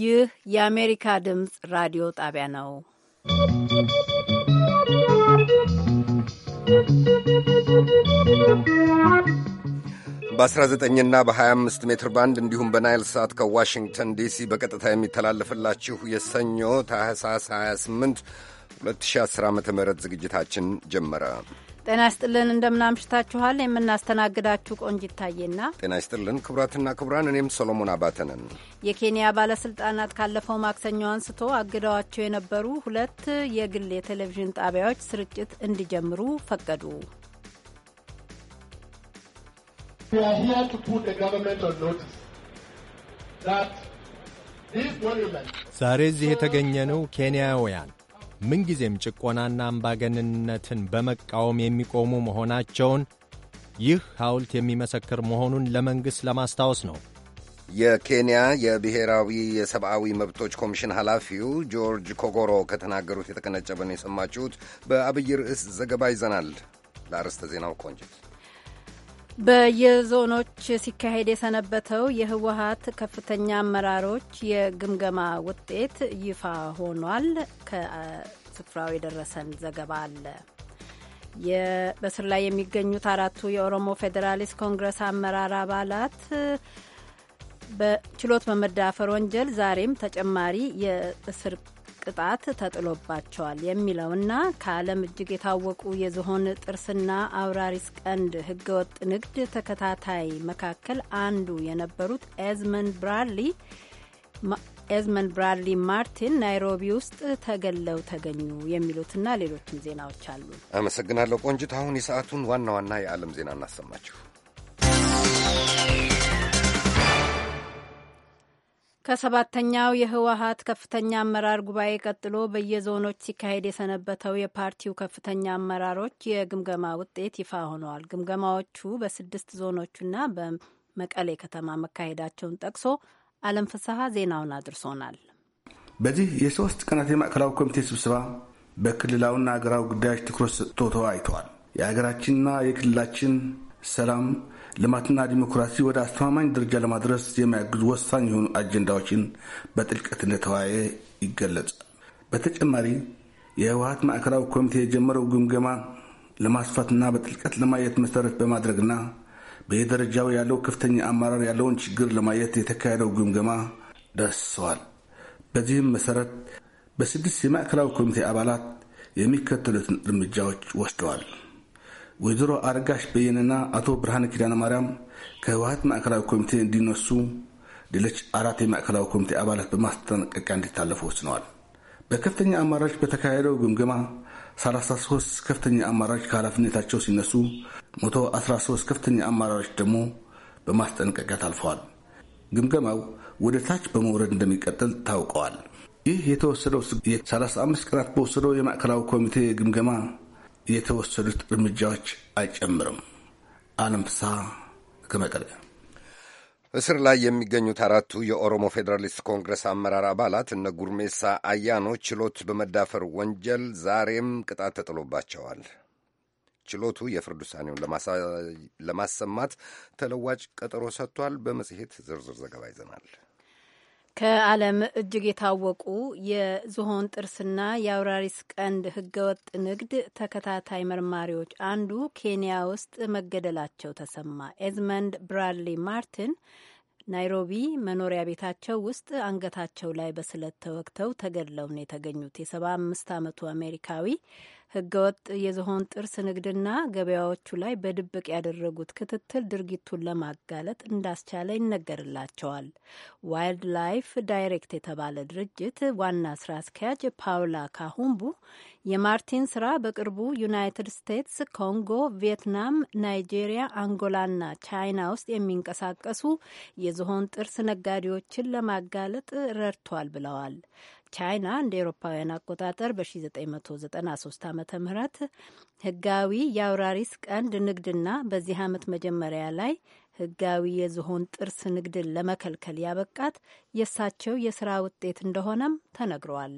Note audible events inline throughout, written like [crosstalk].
ይህ የአሜሪካ ድምፅ ራዲዮ ጣቢያ ነው። በ19ና በ25 ሜትር ባንድ እንዲሁም በናይል ሳት ከዋሽንግተን ዲሲ በቀጥታ የሚተላለፍላችሁ የሰኞ ታህሳስ 28 2010 ዓ ም ዝግጅታችን ጀመረ። ጤና ይስጥልን እንደምናምሽታችኋል። የምናስተናግዳችሁ ቆንጅ ይታየና፣ ጤና ይስጥልን ክቡራትና ክቡራን፣ እኔም ሰሎሞን አባተ ነን። የኬንያ ባለስልጣናት ካለፈው ማክሰኞ አንስቶ አግደዋቸው የነበሩ ሁለት የግል የቴሌቪዥን ጣቢያዎች ስርጭት እንዲጀምሩ ፈቀዱ። ዛሬ እዚህ የተገኘነው ኬንያውያን ምንጊዜም ጭቆናና አምባገንነትን በመቃወም የሚቆሙ መሆናቸውን ይህ ሐውልት የሚመሰክር መሆኑን ለመንግሥት ለማስታወስ ነው። የኬንያ የብሔራዊ የሰብአዊ መብቶች ኮሚሽን ኃላፊው ጆርጅ ኮጎሮ ከተናገሩት የተቀነጨበ ነው የሰማችሁት። በአብይ ርዕስ ዘገባ ይዘናል። ለአርዕስተ ዜናው ቆንጅት በየዞኖች ሲካሄድ የሰነበተው የህወሀት ከፍተኛ አመራሮች የግምገማ ውጤት ይፋ ሆኗል። ከስፍራው የደረሰን ዘገባ አለ። በስር ላይ የሚገኙት አራቱ የኦሮሞ ፌዴራሊስት ኮንግረስ አመራር አባላት በችሎት በመዳፈር ወንጀል ዛሬም ተጨማሪ የእስር ቅጣት ተጥሎባቸዋል የሚለውና ከዓለም እጅግ የታወቁ የዝሆን ጥርስና አውራሪስ ቀንድ ህገወጥ ንግድ ተከታታይ መካከል አንዱ የነበሩት ኤዝመን ብራድሊ ኤዝመን ብራድሊ ማርቲን ናይሮቢ ውስጥ ተገለው ተገኙ የሚሉትና ሌሎችም ዜናዎች አሉ። አመሰግናለሁ ቆንጅት። አሁን የሰዓቱን ዋና ዋና የዓለም ዜና እናሰማችሁ። ከሰባተኛው የህወሀት ከፍተኛ አመራር ጉባኤ ቀጥሎ በየዞኖች ሲካሄድ የሰነበተው የፓርቲው ከፍተኛ አመራሮች የግምገማ ውጤት ይፋ ሆነዋል። ግምገማዎቹ በስድስት ዞኖችና በመቀሌ ከተማ መካሄዳቸውን ጠቅሶ አለም ፍስሐ ዜናውን አድርሶናል። በዚህ የሶስት ቀናት የማዕከላዊ ኮሚቴ ስብሰባ በክልላዊና አገራዊ ጉዳዮች ትኩረት ሰጥቶ ተወያይተዋል። የሀገራችንና የክልላችን ሰላም ልማትና ዲሞክራሲ ወደ አስተማማኝ ደረጃ ለማድረስ የሚያግዙ ወሳኝ የሆኑ አጀንዳዎችን በጥልቀት እንደተወያየ ይገለጻል። በተጨማሪ የህወሀት ማዕከላዊ ኮሚቴ የጀመረው ግምገማ ለማስፋትና በጥልቀት ለማየት መሰረት በማድረግና በየደረጃው ያለው ከፍተኛ አመራር ያለውን ችግር ለማየት የተካሄደው ግምገማ ደስሰዋል። በዚህም መሰረት በስድስት የማዕከላዊ ኮሚቴ አባላት የሚከተሉትን እርምጃዎች ወስደዋል። ወይዘሮ አረጋሽ በየነና አቶ ብርሃነ ኪዳነ ማርያም ከህወሀት ማዕከላዊ ኮሚቴ እንዲነሱ ሌሎች አራት የማዕከላዊ ኮሚቴ አባላት በማስጠንቀቂያ እንዲታለፉ ወስነዋል። በከፍተኛ አመራሮች በተካሄደው ግምገማ 33 ከፍተኛ አመራሮች ከኃላፊነታቸው ሲነሱ 113 ከፍተኛ አመራሮች ደግሞ በማስጠንቀቂያ ታልፈዋል። ግምገማው ወደ ታች በመውረድ እንደሚቀጥል ታውቀዋል። ይህ የተወሰደው 35 ቀናት በወሰደው የማዕከላዊ ኮሚቴ ግምገማ የተወሰዱት እርምጃዎች አይጨምርም። አለምሳ ከመቀለ እስር ላይ የሚገኙት አራቱ የኦሮሞ ፌዴራሊስት ኮንግረስ አመራር አባላት እነ ጉርሜሳ አያኖ ችሎት በመዳፈር ወንጀል ዛሬም ቅጣት ተጥሎባቸዋል። ችሎቱ የፍርድ ውሳኔውን ለማሰማት ተለዋጭ ቀጠሮ ሰጥቷል። በመጽሔት ዝርዝር ዘገባ ይዘናል። ከዓለም እጅግ የታወቁ የዝሆን ጥርስና የአውራሪስ ቀንድ ህገወጥ ንግድ ተከታታይ መርማሪዎች አንዱ ኬንያ ውስጥ መገደላቸው ተሰማ። ኤዝመንድ ብራድሊ ማርቲን ናይሮቢ መኖሪያ ቤታቸው ውስጥ አንገታቸው ላይ በስለት ተወግተው ተገድለው ነው የተገኙት። የሰባ አምስት ዓመቱ አሜሪካዊ ህገወጥ የዝሆን ጥርስ ንግድና ገበያዎቹ ላይ በድብቅ ያደረጉት ክትትል ድርጊቱን ለማጋለጥ እንዳስቻለ ይነገርላቸዋል። ዋይልድ ላይፍ ዳይሬክት የተባለ ድርጅት ዋና ስራ አስኪያጅ ፓውላ ካሁምቡ የማርቲን ስራ በቅርቡ ዩናይትድ ስቴትስ፣ ኮንጎ፣ ቪየትናም፣ ናይጄሪያ፣ አንጎላና ቻይና ውስጥ የሚንቀሳቀሱ የዝሆን ጥርስ ነጋዴዎችን ለማጋለጥ ረድቷል ብለዋል። ቻይና እንደ ኤሮፓውያን አቆጣጠር በ1993 ዓ ም ህጋዊ የአውራሪስ ቀንድ ንግድና በዚህ ዓመት መጀመሪያ ላይ ህጋዊ የዝሆን ጥርስ ንግድን ለመከልከል ያበቃት የእሳቸው የስራ ውጤት እንደሆነም ተነግረዋል።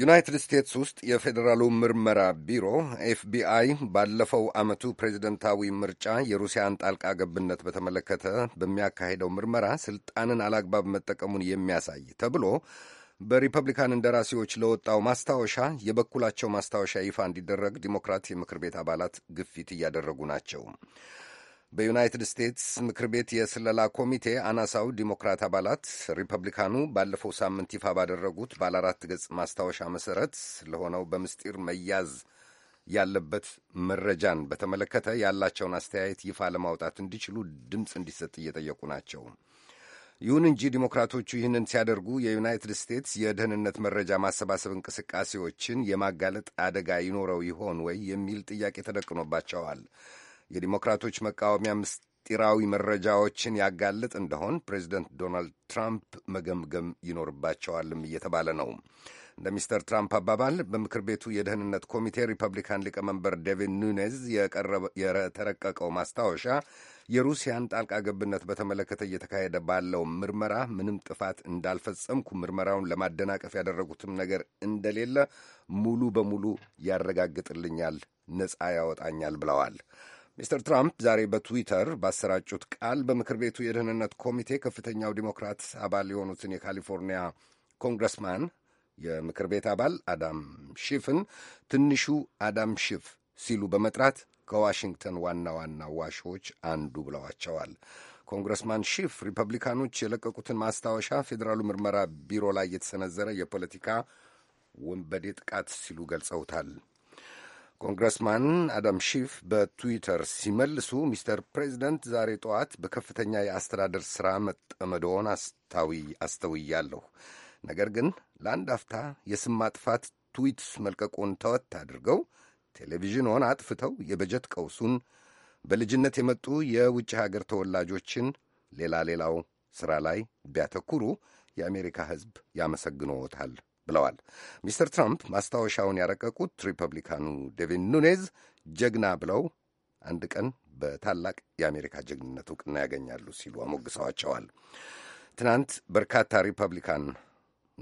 ዩናይትድ ስቴትስ ውስጥ የፌዴራሉ ምርመራ ቢሮ ኤፍቢአይ ባለፈው ዓመቱ ፕሬዚደንታዊ ምርጫ የሩሲያን ጣልቃ ገብነት በተመለከተ በሚያካሄደው ምርመራ ስልጣንን አላግባብ መጠቀሙን የሚያሳይ ተብሎ በሪፐብሊካን እንደራሴዎች ለወጣው ማስታወሻ የበኩላቸው ማስታወሻ ይፋ እንዲደረግ ዲሞክራት የምክር ቤት አባላት ግፊት እያደረጉ ናቸው። በዩናይትድ ስቴትስ ምክር ቤት የስለላ ኮሚቴ አናሳው ዲሞክራት አባላት ሪፐብሊካኑ ባለፈው ሳምንት ይፋ ባደረጉት ባለ አራት ገጽ ማስታወሻ መሰረት ለሆነው በምስጢር መያዝ ያለበት መረጃን በተመለከተ ያላቸውን አስተያየት ይፋ ለማውጣት እንዲችሉ ድምፅ እንዲሰጥ እየጠየቁ ናቸው። ይሁን እንጂ ዲሞክራቶቹ ይህንን ሲያደርጉ የዩናይትድ ስቴትስ የደህንነት መረጃ ማሰባሰብ እንቅስቃሴዎችን የማጋለጥ አደጋ ይኖረው ይሆን ወይ የሚል ጥያቄ ተደቅኖባቸዋል። የዲሞክራቶች መቃወሚያ ምስጢራዊ መረጃዎችን ያጋልጥ እንደሆን ፕሬዚደንት ዶናልድ ትራምፕ መገምገም ይኖርባቸዋልም እየተባለ ነው። እንደ ሚስተር ትራምፕ አባባል በምክር ቤቱ የደህንነት ኮሚቴ ሪፐብሊካን ሊቀመንበር ዴቪን ኑኔዝ የተረቀቀው ማስታወሻ የሩሲያን ጣልቃ ገብነት በተመለከተ እየተካሄደ ባለው ምርመራ ምንም ጥፋት እንዳልፈጸምኩ፣ ምርመራውን ለማደናቀፍ ያደረጉትም ነገር እንደሌለ ሙሉ በሙሉ ያረጋግጥልኛል፣ ነጻ ያወጣኛል ብለዋል። ሚስተር ትራምፕ ዛሬ በትዊተር ባሰራጩት ቃል በምክር ቤቱ የደህንነት ኮሚቴ ከፍተኛው ዲሞክራት አባል የሆኑትን የካሊፎርኒያ ኮንግረስማን የምክር ቤት አባል አዳም ሺፍን ትንሹ አዳም ሺፍ ሲሉ በመጥራት ከዋሽንግተን ዋና ዋና ዋሾዎች አንዱ ብለዋቸዋል። ኮንግረስማን ሺፍ ሪፐብሊካኖች የለቀቁትን ማስታወሻ ፌዴራሉ ምርመራ ቢሮ ላይ የተሰነዘረ የፖለቲካ ወንበዴ ጥቃት ሲሉ ገልጸውታል። ኮንግረስማን አዳም ሺፍ በትዊተር ሲመልሱ ሚስተር ፕሬዚደንት ዛሬ ጠዋት በከፍተኛ የአስተዳደር ሥራ መጠመዶን አስተውያለሁ። ነገር ግን ለአንድ አፍታ የስም ማጥፋት ትዊት መልቀቁን ተወት አድርገው ቴሌቪዥኑን አጥፍተው የበጀት ቀውሱን፣ በልጅነት የመጡ የውጭ ሀገር ተወላጆችን፣ ሌላ ሌላው ሥራ ላይ ቢያተኩሩ የአሜሪካ ሕዝብ ያመሰግኖታል ብለዋል። ሚስተር ትራምፕ ማስታወሻውን ያረቀቁት ሪፐብሊካኑ ዴቪን ኑኔዝ ጀግና ብለው አንድ ቀን በታላቅ የአሜሪካ ጀግንነት እውቅና ያገኛሉ ሲሉ አሞግሰዋቸዋል። ትናንት በርካታ ሪፐብሊካን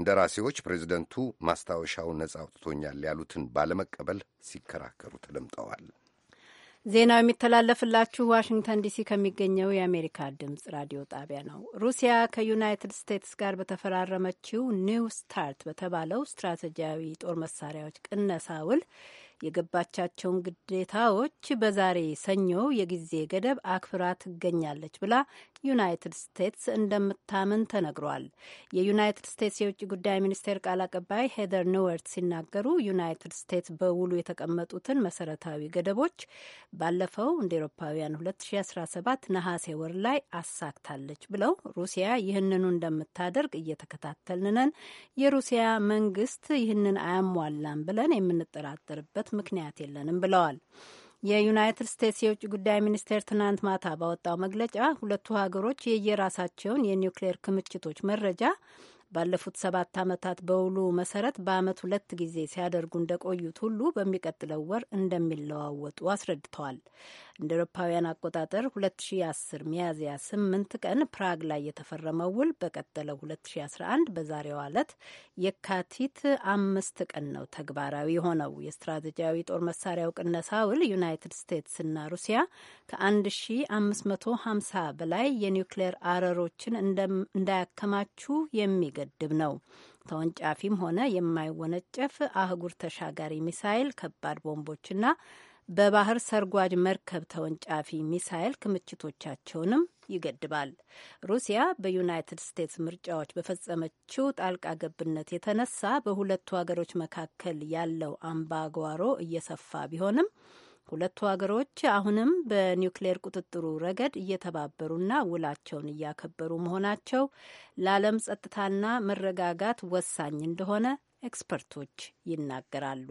እንደራሴዎች ፕሬዚደንቱ ማስታወሻውን ነጻ አውጥቶኛል ያሉትን ባለመቀበል ሲከራከሩ ተደምጠዋል። ዜናው የሚተላለፍላችሁ ዋሽንግተን ዲሲ ከሚገኘው የአሜሪካ ድምጽ ራዲዮ ጣቢያ ነው። ሩሲያ ከዩናይትድ ስቴትስ ጋር በተፈራረመችው ኒው ስታርት በተባለው ስትራቴጂያዊ ጦር መሳሪያዎች ቅነሳ ውል የገባቻቸውን ግዴታዎች በዛሬ ሰኞ የጊዜ ገደብ አክብራ ትገኛለች ብላ ዩናይትድ ስቴትስ እንደምታምን ተነግሯል። የዩናይትድ ስቴትስ የውጭ ጉዳይ ሚኒስቴር ቃል አቀባይ ሄደር ኒወርት ሲናገሩ ዩናይትድ ስቴትስ በውሉ የተቀመጡትን መሰረታዊ ገደቦች ባለፈው እንደ ኤሮፓውያን 2017 ነሐሴ ወር ላይ አሳክታለች ብለው ሩሲያ ይህንኑ እንደምታደርግ እየተከታተልን ነን፣ የሩሲያ መንግስት ይህንን አያሟላም ብለን የምንጠራጠርበት ምክንያት የለንም ብለዋል። የዩናይትድ ስቴትስ የውጭ ጉዳይ ሚኒስቴር ትናንት ማታ ባወጣው መግለጫ ሁለቱ ሀገሮች የየራሳቸውን የኒውክሌር ክምችቶች መረጃ ባለፉት ሰባት ዓመታት በውሉ መሰረት በአመት ሁለት ጊዜ ሲያደርጉ እንደቆዩት ሁሉ በሚቀጥለው ወር እንደሚለዋወጡ አስረድተዋል። እንደ ኤሮፓውያን አቆጣጠር 2010 ሚያዝያ 8 ቀን ፕራግ ላይ የተፈረመው ውል በቀጠለው 2011 በዛሬው ዕለት የካቲት አምስት ቀን ነው ተግባራዊ የሆነው። የስትራቴጂያዊ ጦር መሳሪያው ቅነሳ ውል ዩናይትድ ስቴትስና ሩሲያ ከ1550 በላይ የኒውክሌር አረሮችን እንዳያከማቹ የሚገ የሚገድብ ነው። ተወንጫፊም ሆነ የማይወነጨፍ አህጉር ተሻጋሪ ሚሳይል፣ ከባድ ቦምቦችና በባህር ሰርጓጅ መርከብ ተወንጫፊ ሚሳይል ክምችቶቻቸውንም ይገድባል። ሩሲያ በዩናይትድ ስቴትስ ምርጫዎች በፈጸመችው ጣልቃ ገብነት የተነሳ በሁለቱ ሀገሮች መካከል ያለው አምባጓሮ እየሰፋ ቢሆንም ሁለቱ ሀገሮች አሁንም በኒውክሌር ቁጥጥሩ ረገድ እየተባበሩና ውላቸውን እያከበሩ መሆናቸው ለዓለም ጸጥታና መረጋጋት ወሳኝ እንደሆነ ኤክስፐርቶች ይናገራሉ።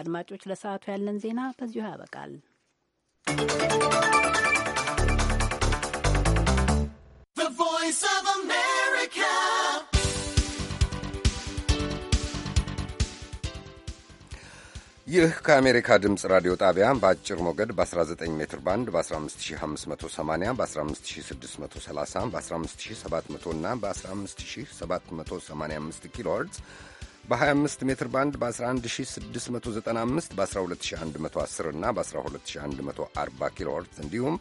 አድማጮች፣ ለሰዓቱ ያለን ዜና በዚሁ ያበቃል። ቮይስ ኦፍ አሜሪካ ይህ ከአሜሪካ ድምፅ ራዲዮ ጣቢያ በአጭር ሞገድ በ19 ሜትር ባንድ በ15580 በ15630 በ15700 እና በ15785 ኪሎ በ25 ሜትር ባንድ በ11695 በ12110 እና በ12140 ኪሎ እንዲሁም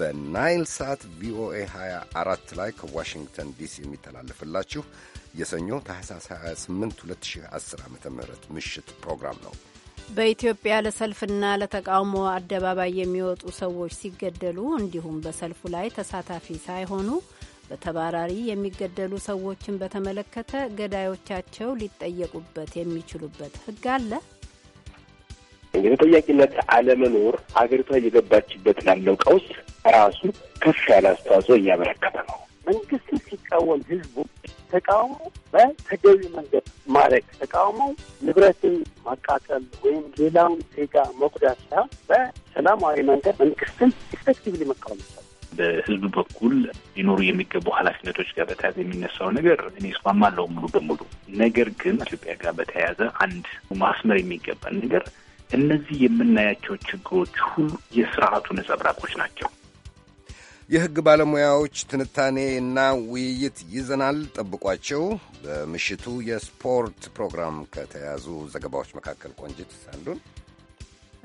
በናይል ሳት ቪኦኤ 24 ላይ ከዋሽንግተን ዲሲ የሚተላለፍላችሁ የሰኞ ታህሳስ 28 2010 ዓ ም ምሽት ፕሮግራም ነው። በኢትዮጵያ ለሰልፍና ለተቃውሞ አደባባይ የሚወጡ ሰዎች ሲገደሉ እንዲሁም በሰልፉ ላይ ተሳታፊ ሳይሆኑ በተባራሪ የሚገደሉ ሰዎችን በተመለከተ ገዳዮቻቸው ሊጠየቁበት የሚችሉበት ሕግ አለ። እንግዲህ ተጠያቂነት አለመኖር ሀገሪቷ እየገባችበት ላለው ቀውስ ራሱ ከፍ ያለ አስተዋጽኦ እያበረከተ ነው። መንግስትን ሲቃወም ህዝቡ ተቃውሞ በተገቢ መንገድ ማድረግ ተቃውሞ ንብረትን ማቃጠል ወይም ሌላውን ዜጋ መጉዳት ሳይሆን በሰላማዊ መንገድ መንግስትን ኢፌክቲቭሊ መቃወም ይቻላል። በህዝብ በኩል ሊኖሩ የሚገቡ ኃላፊነቶች ጋር በተያያዘ የሚነሳው ነገር እኔ እስማማለሁ ሙሉ በሙሉ። ነገር ግን ኢትዮጵያ ጋር በተያያዘ አንድ ማስመር የሚገባን ነገር እነዚህ የምናያቸው ችግሮች ሁሉ የስርዓቱ ነጸብራቆች ናቸው። የሕግ ባለሙያዎች ትንታኔ እና ውይይት ይዘናል። ጠብቋቸው። በምሽቱ የስፖርት ፕሮግራም ከተያዙ ዘገባዎች መካከል ቆንጅት አንዱን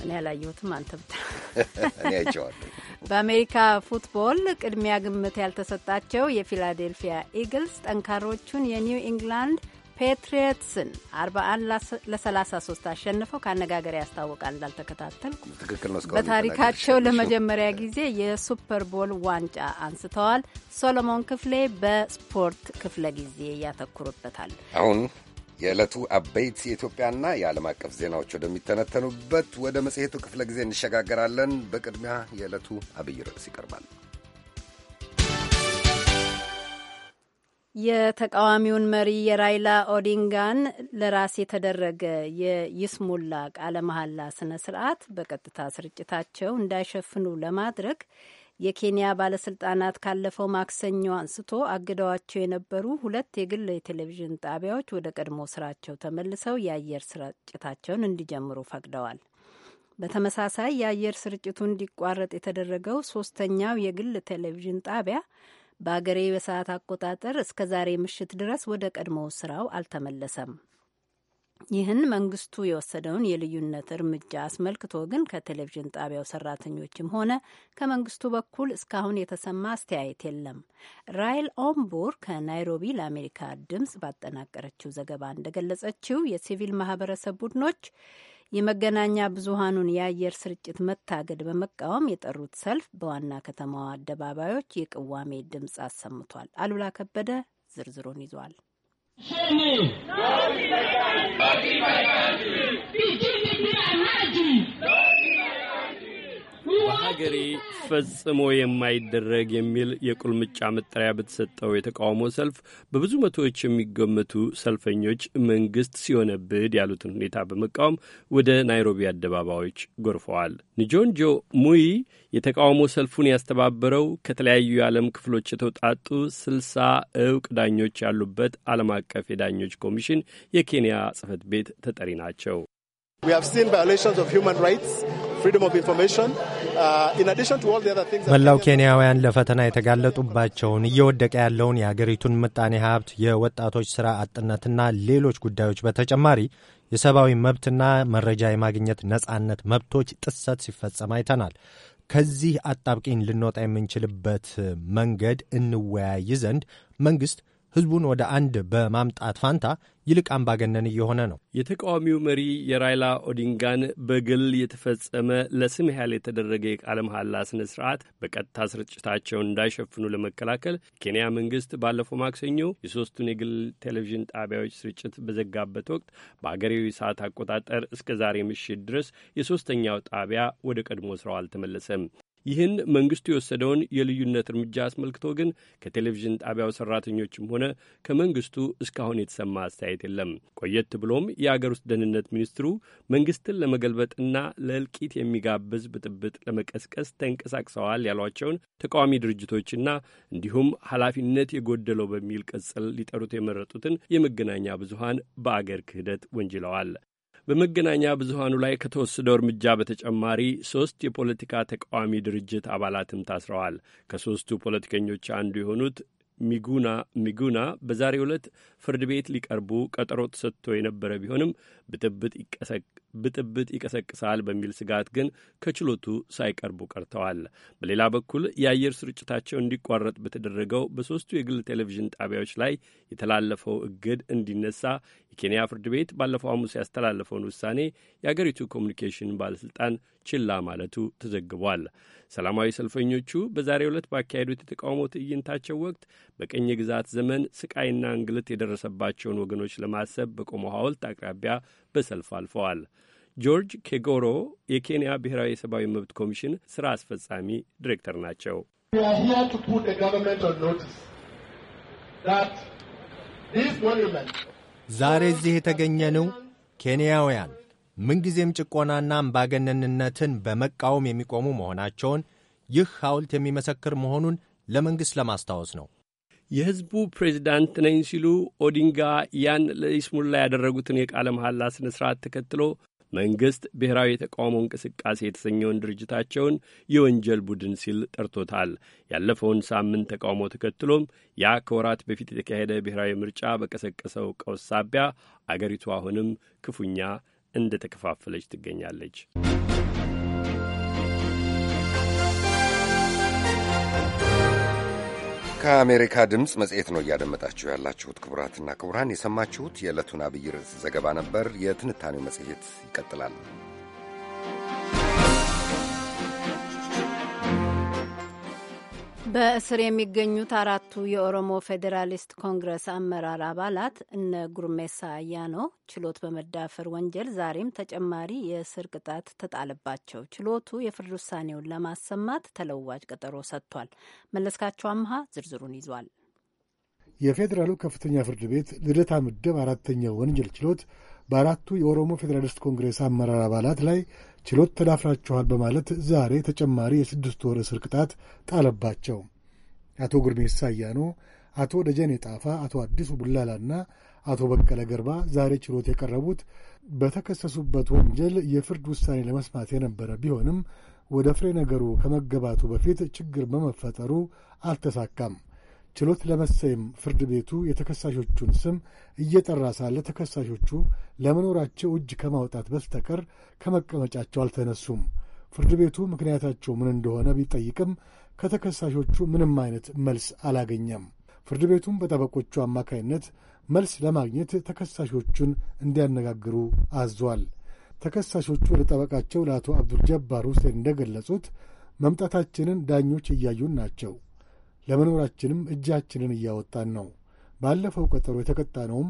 እኔ ያላየሁትም አንተ ብታ [laughs] እኔ አይቼዋለሁ። በአሜሪካ ፉትቦል ቅድሚያ ግምት ያልተሰጣቸው የፊላዴልፊያ ኢግልስ ጠንካሮቹን የኒው ኢንግላንድ ፔትሪየትስን 41 ለ33 አሸንፈው ከአነጋገር ያስታውቃል። እንዳልተከታተልኩ በታሪካቸው ለመጀመሪያ ጊዜ የሱፐር ቦል ዋንጫ አንስተዋል። ሶሎሞን ክፍሌ በስፖርት ክፍለ ጊዜ ያተኩርበታል። አሁን የዕለቱ አበይት የኢትዮጵያና የዓለም አቀፍ ዜናዎች ወደሚተነተኑበት ወደ መጽሔቱ ክፍለ ጊዜ እንሸጋገራለን። በቅድሚያ የዕለቱ አብይ ርዕስ ይቀርባል። የተቃዋሚውን መሪ የራይላ ኦዲንጋን ለራስ የተደረገ የይስሙላ ቃለ መሐላ ስነ ስርዓት በቀጥታ ስርጭታቸው እንዳይሸፍኑ ለማድረግ የኬንያ ባለስልጣናት ካለፈው ማክሰኞ አንስቶ አግደዋቸው የነበሩ ሁለት የግል የቴሌቪዥን ጣቢያዎች ወደ ቀድሞ ስራቸው ተመልሰው የአየር ስርጭታቸውን እንዲጀምሩ ፈቅደዋል። በተመሳሳይ የአየር ስርጭቱ እንዲቋረጥ የተደረገው ሶስተኛው የግል ቴሌቪዥን ጣቢያ በአገሬ በሰዓት አቆጣጠር እስከ ዛሬ ምሽት ድረስ ወደ ቀድሞው ስራው አልተመለሰም። ይህን መንግስቱ የወሰደውን የልዩነት እርምጃ አስመልክቶ ግን ከቴሌቪዥን ጣቢያው ሰራተኞችም ሆነ ከመንግስቱ በኩል እስካሁን የተሰማ አስተያየት የለም። ራይል ኦምቡር ከናይሮቢ ለአሜሪካ ድምጽ ባጠናቀረችው ዘገባ እንደገለጸችው የሲቪል ማህበረሰብ ቡድኖች የመገናኛ ብዙሃኑን የአየር ስርጭት መታገድ በመቃወም የጠሩት ሰልፍ በዋና ከተማዋ አደባባዮች የቅዋሜ ድምፅ አሰምቷል። አሉላ ከበደ ዝርዝሩን ይዟል። በሀገሬ ፈጽሞ የማይደረግ የሚል የቁልምጫ መጠሪያ በተሰጠው የተቃውሞ ሰልፍ በብዙ መቶዎች የሚገመቱ ሰልፈኞች መንግስት ሲሆነብድ ያሉትን ሁኔታ በመቃወም ወደ ናይሮቢ አደባባዮች ጎርፈዋል። ንጆንጆ ሙይ የተቃውሞ ሰልፉን ያስተባበረው ከተለያዩ የዓለም ክፍሎች የተውጣጡ ስልሳ እውቅ ዳኞች ያሉበት ዓለም አቀፍ የዳኞች ኮሚሽን የኬንያ ጽህፈት ቤት ተጠሪ ናቸው። We have seen violations of human rights. Uh, መላው ኬንያውያን ለፈተና የተጋለጡባቸውን እየወደቀ ያለውን የአገሪቱን ምጣኔ ሀብት፣ የወጣቶች ሥራ አጥነትና ሌሎች ጉዳዮች በተጨማሪ የሰብአዊ መብትና መረጃ የማግኘት ነጻነት መብቶች ጥሰት ሲፈጸም አይተናል። ከዚህ አጣብቂኝ ልንወጣ የምንችልበት መንገድ እንወያይ ዘንድ መንግሥት ህዝቡን ወደ አንድ በማምጣት ፋንታ ይልቅ አምባገነን እየሆነ ነው። የተቃዋሚው መሪ የራይላ ኦዲንጋን በግል የተፈጸመ ለስም ያህል የተደረገ የቃለ መሐላ ስነ ስርዓት በቀጥታ ስርጭታቸውን እንዳይሸፍኑ ለመከላከል ኬንያ መንግስት ባለፈው ማክሰኞ የሶስቱን የግል ቴሌቪዥን ጣቢያዎች ስርጭት በዘጋበት ወቅት በአገሬው ሰዓት አቆጣጠር እስከ ዛሬ ምሽት ድረስ የሶስተኛው ጣቢያ ወደ ቀድሞ ስራው አልተመለሰም። ይህን መንግስቱ የወሰደውን የልዩነት እርምጃ አስመልክቶ ግን ከቴሌቪዥን ጣቢያው ሰራተኞችም ሆነ ከመንግስቱ እስካሁን የተሰማ አስተያየት የለም። ቆየት ብሎም የአገር ውስጥ ደህንነት ሚኒስትሩ መንግስትን ለመገልበጥና ለእልቂት የሚጋብዝ ብጥብጥ ለመቀስቀስ ተንቀሳቅሰዋል ያሏቸውን ተቃዋሚ ድርጅቶችና እንዲሁም ኃላፊነት የጎደለው በሚል ቅጽል ሊጠሩት የመረጡትን የመገናኛ ብዙሃን በአገር ክህደት ወንጅለዋል። በመገናኛ ብዙሃኑ ላይ ከተወሰደው እርምጃ በተጨማሪ ሶስት የፖለቲካ ተቃዋሚ ድርጅት አባላትም ታስረዋል። ከሶስቱ ፖለቲከኞች አንዱ የሆኑት ሚጉና ሚጉና በዛሬው ዕለት ፍርድ ቤት ሊቀርቡ ቀጠሮ ተሰጥቶ የነበረ ቢሆንም ብጥብጥ ብጥብጥ ይቀሰቅሳል በሚል ስጋት ግን ከችሎቱ ሳይቀርቡ ቀርተዋል። በሌላ በኩል የአየር ስርጭታቸው እንዲቋረጥ በተደረገው በሦስቱ የግል ቴሌቪዥን ጣቢያዎች ላይ የተላለፈው እግድ እንዲነሳ የኬንያ ፍርድ ቤት ባለፈው ሐሙስ ያስተላለፈውን ውሳኔ የአገሪቱ ኮሚኒኬሽን ባለሥልጣን ችላ ማለቱ ተዘግቧል። ሰላማዊ ሰልፈኞቹ በዛሬው ዕለት ባካሄዱት የተቃውሞ ትዕይንታቸው ወቅት በቅኝ ግዛት ዘመን ስቃይና እንግልት የደረሰባቸውን ወገኖች ለማሰብ በቆመው ሐውልት አቅራቢያ በሰልፍ አልፈዋል። ጆርጅ ኬጎሮ የኬንያ ብሔራዊ የሰብአዊ መብት ኮሚሽን ስራ አስፈጻሚ ዲሬክተር ናቸው። ዛሬ እዚህ የተገኘነው ኬንያውያን ምንጊዜም ጭቆናና አምባገነንነትን በመቃወም የሚቆሙ መሆናቸውን ይህ ሐውልት የሚመሰክር መሆኑን ለመንግሥት ለማስታወስ ነው። የህዝቡ ፕሬዚዳንት ነኝ ሲሉ ኦዲንጋ ያን ለይስሙላ ያደረጉትን የቃለ መሐላ ስነ ስርዓት ተከትሎ መንግሥት ብሔራዊ የተቃውሞ እንቅስቃሴ የተሰኘውን ድርጅታቸውን የወንጀል ቡድን ሲል ጠርቶታል። ያለፈውን ሳምንት ተቃውሞ ተከትሎም ያ ከወራት በፊት የተካሄደ ብሔራዊ ምርጫ በቀሰቀሰው ቀውስ ሳቢያ አገሪቱ አሁንም ክፉኛ እንደተከፋፈለች ትገኛለች። ከአሜሪካ ድምፅ መጽሔት ነው እያደመጣችሁ ያላችሁት። ክቡራትና ክቡራን የሰማችሁት የዕለቱን አብይ ርዕስ ዘገባ ነበር። የትንታኔው መጽሔት ይቀጥላል። በእስር የሚገኙት አራቱ የኦሮሞ ፌዴራሊስት ኮንግረስ አመራር አባላት እነ ጉርሜሳ አያኖ ችሎት በመዳፈር ወንጀል ዛሬም ተጨማሪ የእስር ቅጣት ተጣለባቸው። ችሎቱ የፍርድ ውሳኔውን ለማሰማት ተለዋጭ ቀጠሮ ሰጥቷል። መለስካቸው አምሃ ዝርዝሩን ይዟል። የፌዴራሉ ከፍተኛ ፍርድ ቤት ልደታ ምድብ አራተኛው ወንጀል ችሎት በአራቱ የኦሮሞ ፌዴራሊስት ኮንግሬስ አመራር አባላት ላይ ችሎት ተዳፍራችኋል በማለት ዛሬ ተጨማሪ የስድስት ወር እስር ቅጣት ጣለባቸው። አቶ ጉርሜ ሳያኖ፣ አቶ ደጀኔ ጣፋ፣ አቶ አዲሱ ቡላላና አቶ በቀለ ገርባ ዛሬ ችሎት የቀረቡት በተከሰሱበት ወንጀል የፍርድ ውሳኔ ለመስማት የነበረ ቢሆንም ወደ ፍሬ ነገሩ ከመገባቱ በፊት ችግር በመፈጠሩ አልተሳካም። ችሎት ለመሰየም ፍርድ ቤቱ የተከሳሾቹን ስም እየጠራ ሳለ ተከሳሾቹ ለመኖራቸው እጅ ከማውጣት በስተቀር ከመቀመጫቸው አልተነሱም። ፍርድ ቤቱ ምክንያታቸው ምን እንደሆነ ቢጠይቅም ከተከሳሾቹ ምንም አይነት መልስ አላገኘም። ፍርድ ቤቱም በጠበቆቹ አማካይነት መልስ ለማግኘት ተከሳሾቹን እንዲያነጋግሩ አዟል። ተከሳሾቹ ለጠበቃቸው ለአቶ አብዱልጀባር ሁሴን እንደገለጹት መምጣታችንን ዳኞች እያዩን ናቸው ለመኖራችንም እጃችንን እያወጣን ነው። ባለፈው ቀጠሮ የተቀጣነውም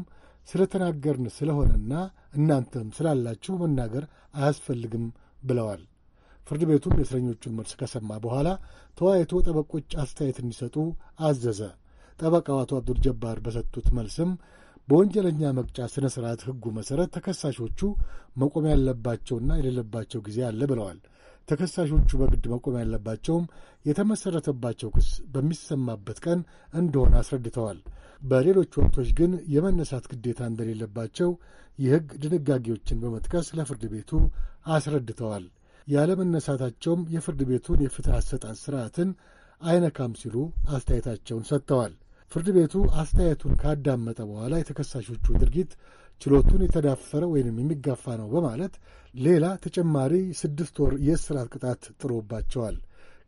ስለተናገርን ስለሆነና እናንተም ስላላችሁ መናገር አያስፈልግም ብለዋል። ፍርድ ቤቱም የእስረኞቹን መልስ ከሰማ በኋላ ተወያይቶ ጠበቆች አስተያየት እንዲሰጡ አዘዘ። ጠበቃው አቶ አብዱል ጀባር በሰጡት መልስም በወንጀለኛ መቅጫ ሥነ ሥርዓት ሕጉ መሠረት ተከሳሾቹ መቆም ያለባቸውና የሌለባቸው ጊዜ አለ ብለዋል። ተከሳሾቹ በግድ መቆም ያለባቸውም የተመሠረተባቸው ክስ በሚሰማበት ቀን እንደሆነ አስረድተዋል። በሌሎች ወቅቶች ግን የመነሳት ግዴታ እንደሌለባቸው የሕግ ድንጋጌዎችን በመጥቀስ ለፍርድ ቤቱ አስረድተዋል። ያለመነሳታቸውም የፍርድ ቤቱን የፍትሕ አሰጣጥ ሥርዓትን አይነካም ሲሉ አስተያየታቸውን ሰጥተዋል። ፍርድ ቤቱ አስተያየቱን ካዳመጠ በኋላ የተከሳሾቹ ድርጊት ችሎቱን የተዳፈረ ወይንም የሚጋፋ ነው በማለት ሌላ ተጨማሪ ስድስት ወር የእስራት ቅጣት ጥሎባቸዋል።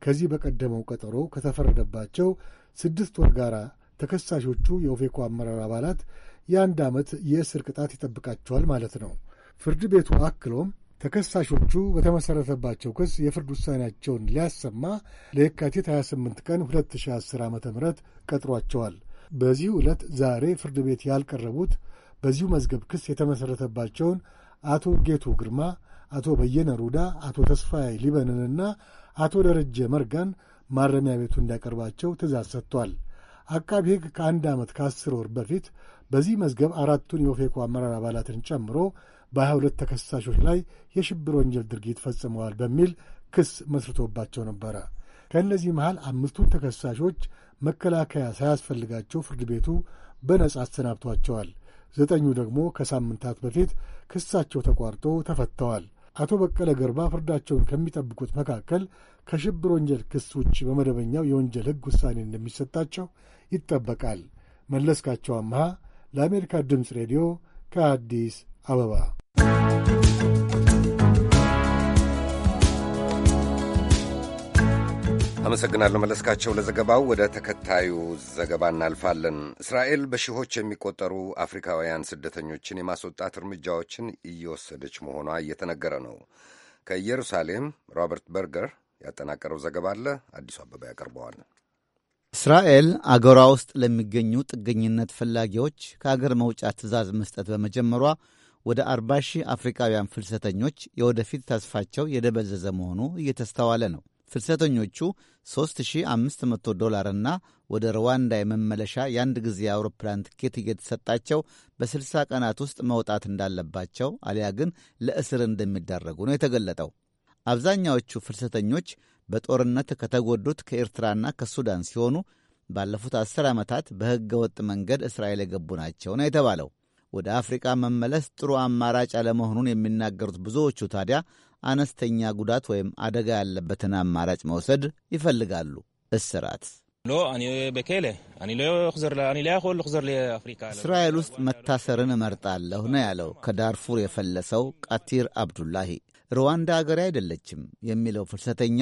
ከዚህ በቀደመው ቀጠሮ ከተፈረደባቸው ስድስት ወር ጋር ተከሳሾቹ የኦፌኮ አመራር አባላት የአንድ ዓመት የእስር ቅጣት ይጠብቃቸዋል ማለት ነው። ፍርድ ቤቱ አክሎም ተከሳሾቹ በተመሠረተባቸው ክስ የፍርድ ውሳኔያቸውን ሊያሰማ ለየካቲት 28 ቀን 2010 ዓ ም ቀጥሯቸዋል። በዚሁ ዕለት ዛሬ ፍርድ ቤት ያልቀረቡት በዚሁ መዝገብ ክስ የተመሠረተባቸውን አቶ ጌቱ ግርማ፣ አቶ በየነ ሩዳ፣ አቶ ተስፋዬ ሊበንንና አቶ ደረጀ መርጋን ማረሚያ ቤቱ እንዲያቀርባቸው ትእዛዝ ሰጥቷል። አቃቢ ሕግ ከአንድ ዓመት ከአስር ወር በፊት በዚህ መዝገብ አራቱን የኦፌኮ አመራር አባላትን ጨምሮ በሀያ ሁለት ተከሳሾች ላይ የሽብር ወንጀል ድርጊት ፈጽመዋል በሚል ክስ መስርቶባቸው ነበረ። ከእነዚህ መሃል አምስቱን ተከሳሾች መከላከያ ሳያስፈልጋቸው ፍርድ ቤቱ በነጻ አሰናብቷቸዋል። ዘጠኙ ደግሞ ከሳምንታት በፊት ክሳቸው ተቋርጦ ተፈተዋል። አቶ በቀለ ገርባ ፍርዳቸውን ከሚጠብቁት መካከል ከሽብር ወንጀል ክስ ውጭ በመደበኛው የወንጀል ሕግ ውሳኔ እንደሚሰጣቸው ይጠበቃል። መለስካቸው አምሃ ለአሜሪካ ድምፅ ሬዲዮ ከአዲስ አበባ አመሰግናለሁ መለስካቸው ለዘገባው። ወደ ተከታዩ ዘገባ እናልፋለን። እስራኤል በሺዎች የሚቆጠሩ አፍሪካውያን ስደተኞችን የማስወጣት እርምጃዎችን እየወሰደች መሆኗ እየተነገረ ነው። ከኢየሩሳሌም ሮበርት በርገር ያጠናቀረው ዘገባ አለ፣ አዲሱ አበባ ያቀርበዋል። እስራኤል አገሯ ውስጥ ለሚገኙ ጥገኝነት ፈላጊዎች ከአገር መውጫ ትዕዛዝ መስጠት በመጀመሯ ወደ አርባ ሺህ አፍሪካውያን ፍልሰተኞች የወደፊት ተስፋቸው የደበዘዘ መሆኑ እየተስተዋለ ነው። ፍልሰተኞቹ 3500 ዶላርና ወደ ሩዋንዳ የመመለሻ የአንድ ጊዜ አውሮፕላን ትኬት እየተሰጣቸው በ60 ቀናት ውስጥ መውጣት እንዳለባቸው አሊያ ግን ለእስር እንደሚዳረጉ ነው የተገለጠው። አብዛኛዎቹ ፍልሰተኞች በጦርነት ከተጎዱት ከኤርትራና ከሱዳን ሲሆኑ ባለፉት አስር ዓመታት በሕገ ወጥ መንገድ እስራኤል የገቡ ናቸው ነው የተባለው። ወደ አፍሪቃ መመለስ ጥሩ አማራጭ አለመሆኑን የሚናገሩት ብዙዎቹ ታዲያ አነስተኛ ጉዳት ወይም አደጋ ያለበትን አማራጭ መውሰድ ይፈልጋሉ። እስራት እስራኤል ውስጥ መታሰርን እመርጣለሁ ነው ያለው ከዳርፉር የፈለሰው ቃቲር አብዱላሂ። ሩዋንዳ አገሬ አይደለችም የሚለው ፍልሰተኛ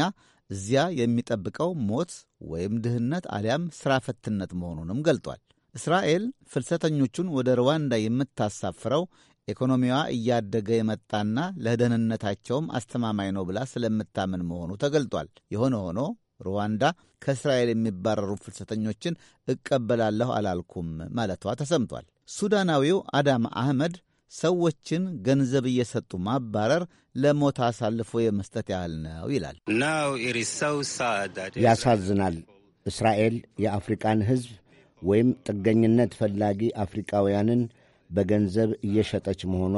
እዚያ የሚጠብቀው ሞት ወይም ድህነት አሊያም ሥራ ፈትነት መሆኑንም ገልጧል። እስራኤል ፍልሰተኞቹን ወደ ሩዋንዳ የምታሳፍረው ኢኮኖሚዋ እያደገ የመጣና ለደህንነታቸውም አስተማማኝ ነው ብላ ስለምታምን መሆኑ ተገልጧል። የሆነ ሆኖ ሩዋንዳ ከእስራኤል የሚባረሩ ፍልሰተኞችን እቀበላለሁ አላልኩም ማለቷ ተሰምቷል። ሱዳናዊው አዳም አህመድ ሰዎችን ገንዘብ እየሰጡ ማባረር ለሞት አሳልፎ የመስጠት ያህል ነው ይላል። ያሳዝናል። እስራኤል የአፍሪቃን ሕዝብ ወይም ጥገኝነት ፈላጊ አፍሪቃውያንን በገንዘብ እየሸጠች መሆኗ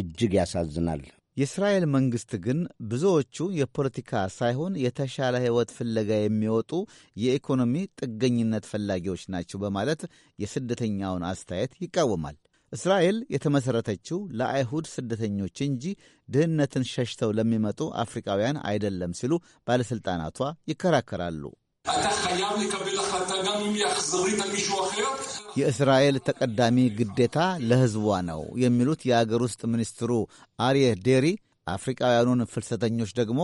እጅግ ያሳዝናል። የእስራኤል መንግሥት ግን ብዙዎቹ የፖለቲካ ሳይሆን የተሻለ ሕይወት ፍለጋ የሚወጡ የኢኮኖሚ ጥገኝነት ፈላጊዎች ናቸው በማለት የስደተኛውን አስተያየት ይቃወማል። እስራኤል የተመሠረተችው ለአይሁድ ስደተኞች እንጂ ድህነትን ሸሽተው ለሚመጡ አፍሪካውያን አይደለም ሲሉ ባለሥልጣናቷ ይከራከራሉ። የእስራኤል ተቀዳሚ ግዴታ ለሕዝቧ ነው የሚሉት የአገር ውስጥ ሚኒስትሩ አርየ ዴሪ አፍሪቃውያኑን ፍልሰተኞች ደግሞ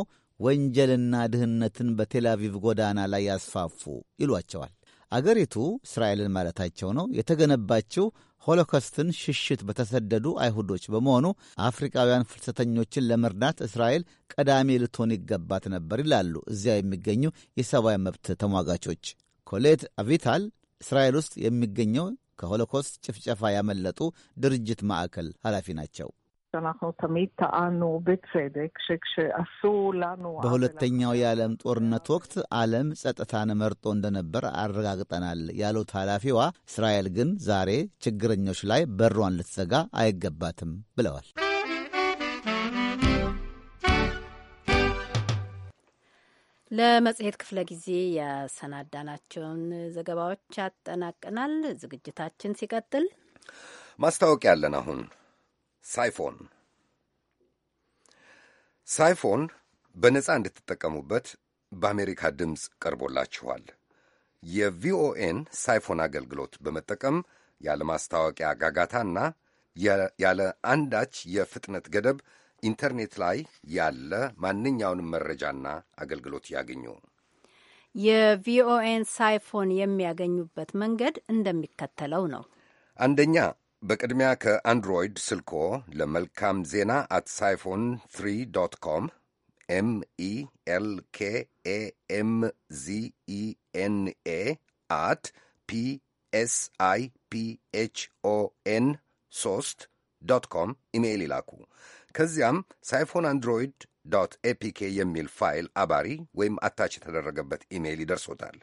ወንጀልና ድህነትን በቴላቪቭ ጎዳና ላይ ያስፋፉ ይሏቸዋል። አገሪቱ እስራኤልን ማለታቸው ነው የተገነባችው ሆሎኮስትን ሽሽት በተሰደዱ አይሁዶች በመሆኑ አፍሪካውያን ፍልሰተኞችን ለመርዳት እስራኤል ቀዳሚ ልትሆን ይገባት ነበር ይላሉ እዚያ የሚገኙ የሰብአዊ መብት ተሟጋቾች። ኮሌት አቪታል እስራኤል ውስጥ የሚገኘው ከሆሎኮስት ጭፍጨፋ ያመለጡ ድርጅት ማዕከል ኃላፊ ናቸው። שאנחנו תמיד טענו בצדק שכשעשו לנו... በሁለተኛው የዓለም ጦርነት ወቅት ዓለም ጸጥታን መርጦ እንደነበር አረጋግጠናል ያሉት ኃላፊዋ፣ እስራኤል ግን ዛሬ ችግረኞች ላይ በሯን ልትዘጋ አይገባትም ብለዋል። ለመጽሔት ክፍለ ጊዜ ያሰናዳናቸውን ዘገባዎች አጠናቅናል። ዝግጅታችን ሲቀጥል ማስታወቂያ አለን አሁን ሳይፎን ሳይፎን በነጻ እንድትጠቀሙበት በአሜሪካ ድምፅ ቀርቦላችኋል። የቪኦኤን ሳይፎን አገልግሎት በመጠቀም ያለ ማስታወቂያ ጋጋታና ያለ አንዳች የፍጥነት ገደብ ኢንተርኔት ላይ ያለ ማንኛውንም መረጃና አገልግሎት ያገኙ። የቪኦኤን ሳይፎን የሚያገኙበት መንገድ እንደሚከተለው ነው። አንደኛ በቅድሚያ ከአንድሮይድ ስልኮ ለመልካም ዜና አት ሳይፎን ትሪ ዶት ኮም ኤምኢኤልኬኤኤምዚኢኤንኤ አት ፒኤስአይፒኤችኦኤን 3 ዶት ኮም ኢሜይል ይላኩ። ከዚያም ሳይፎን አንድሮይድ ዶት ኤፒኬ የሚል ፋይል አባሪ ወይም አታች የተደረገበት ኢሜይል ይደርሶታል።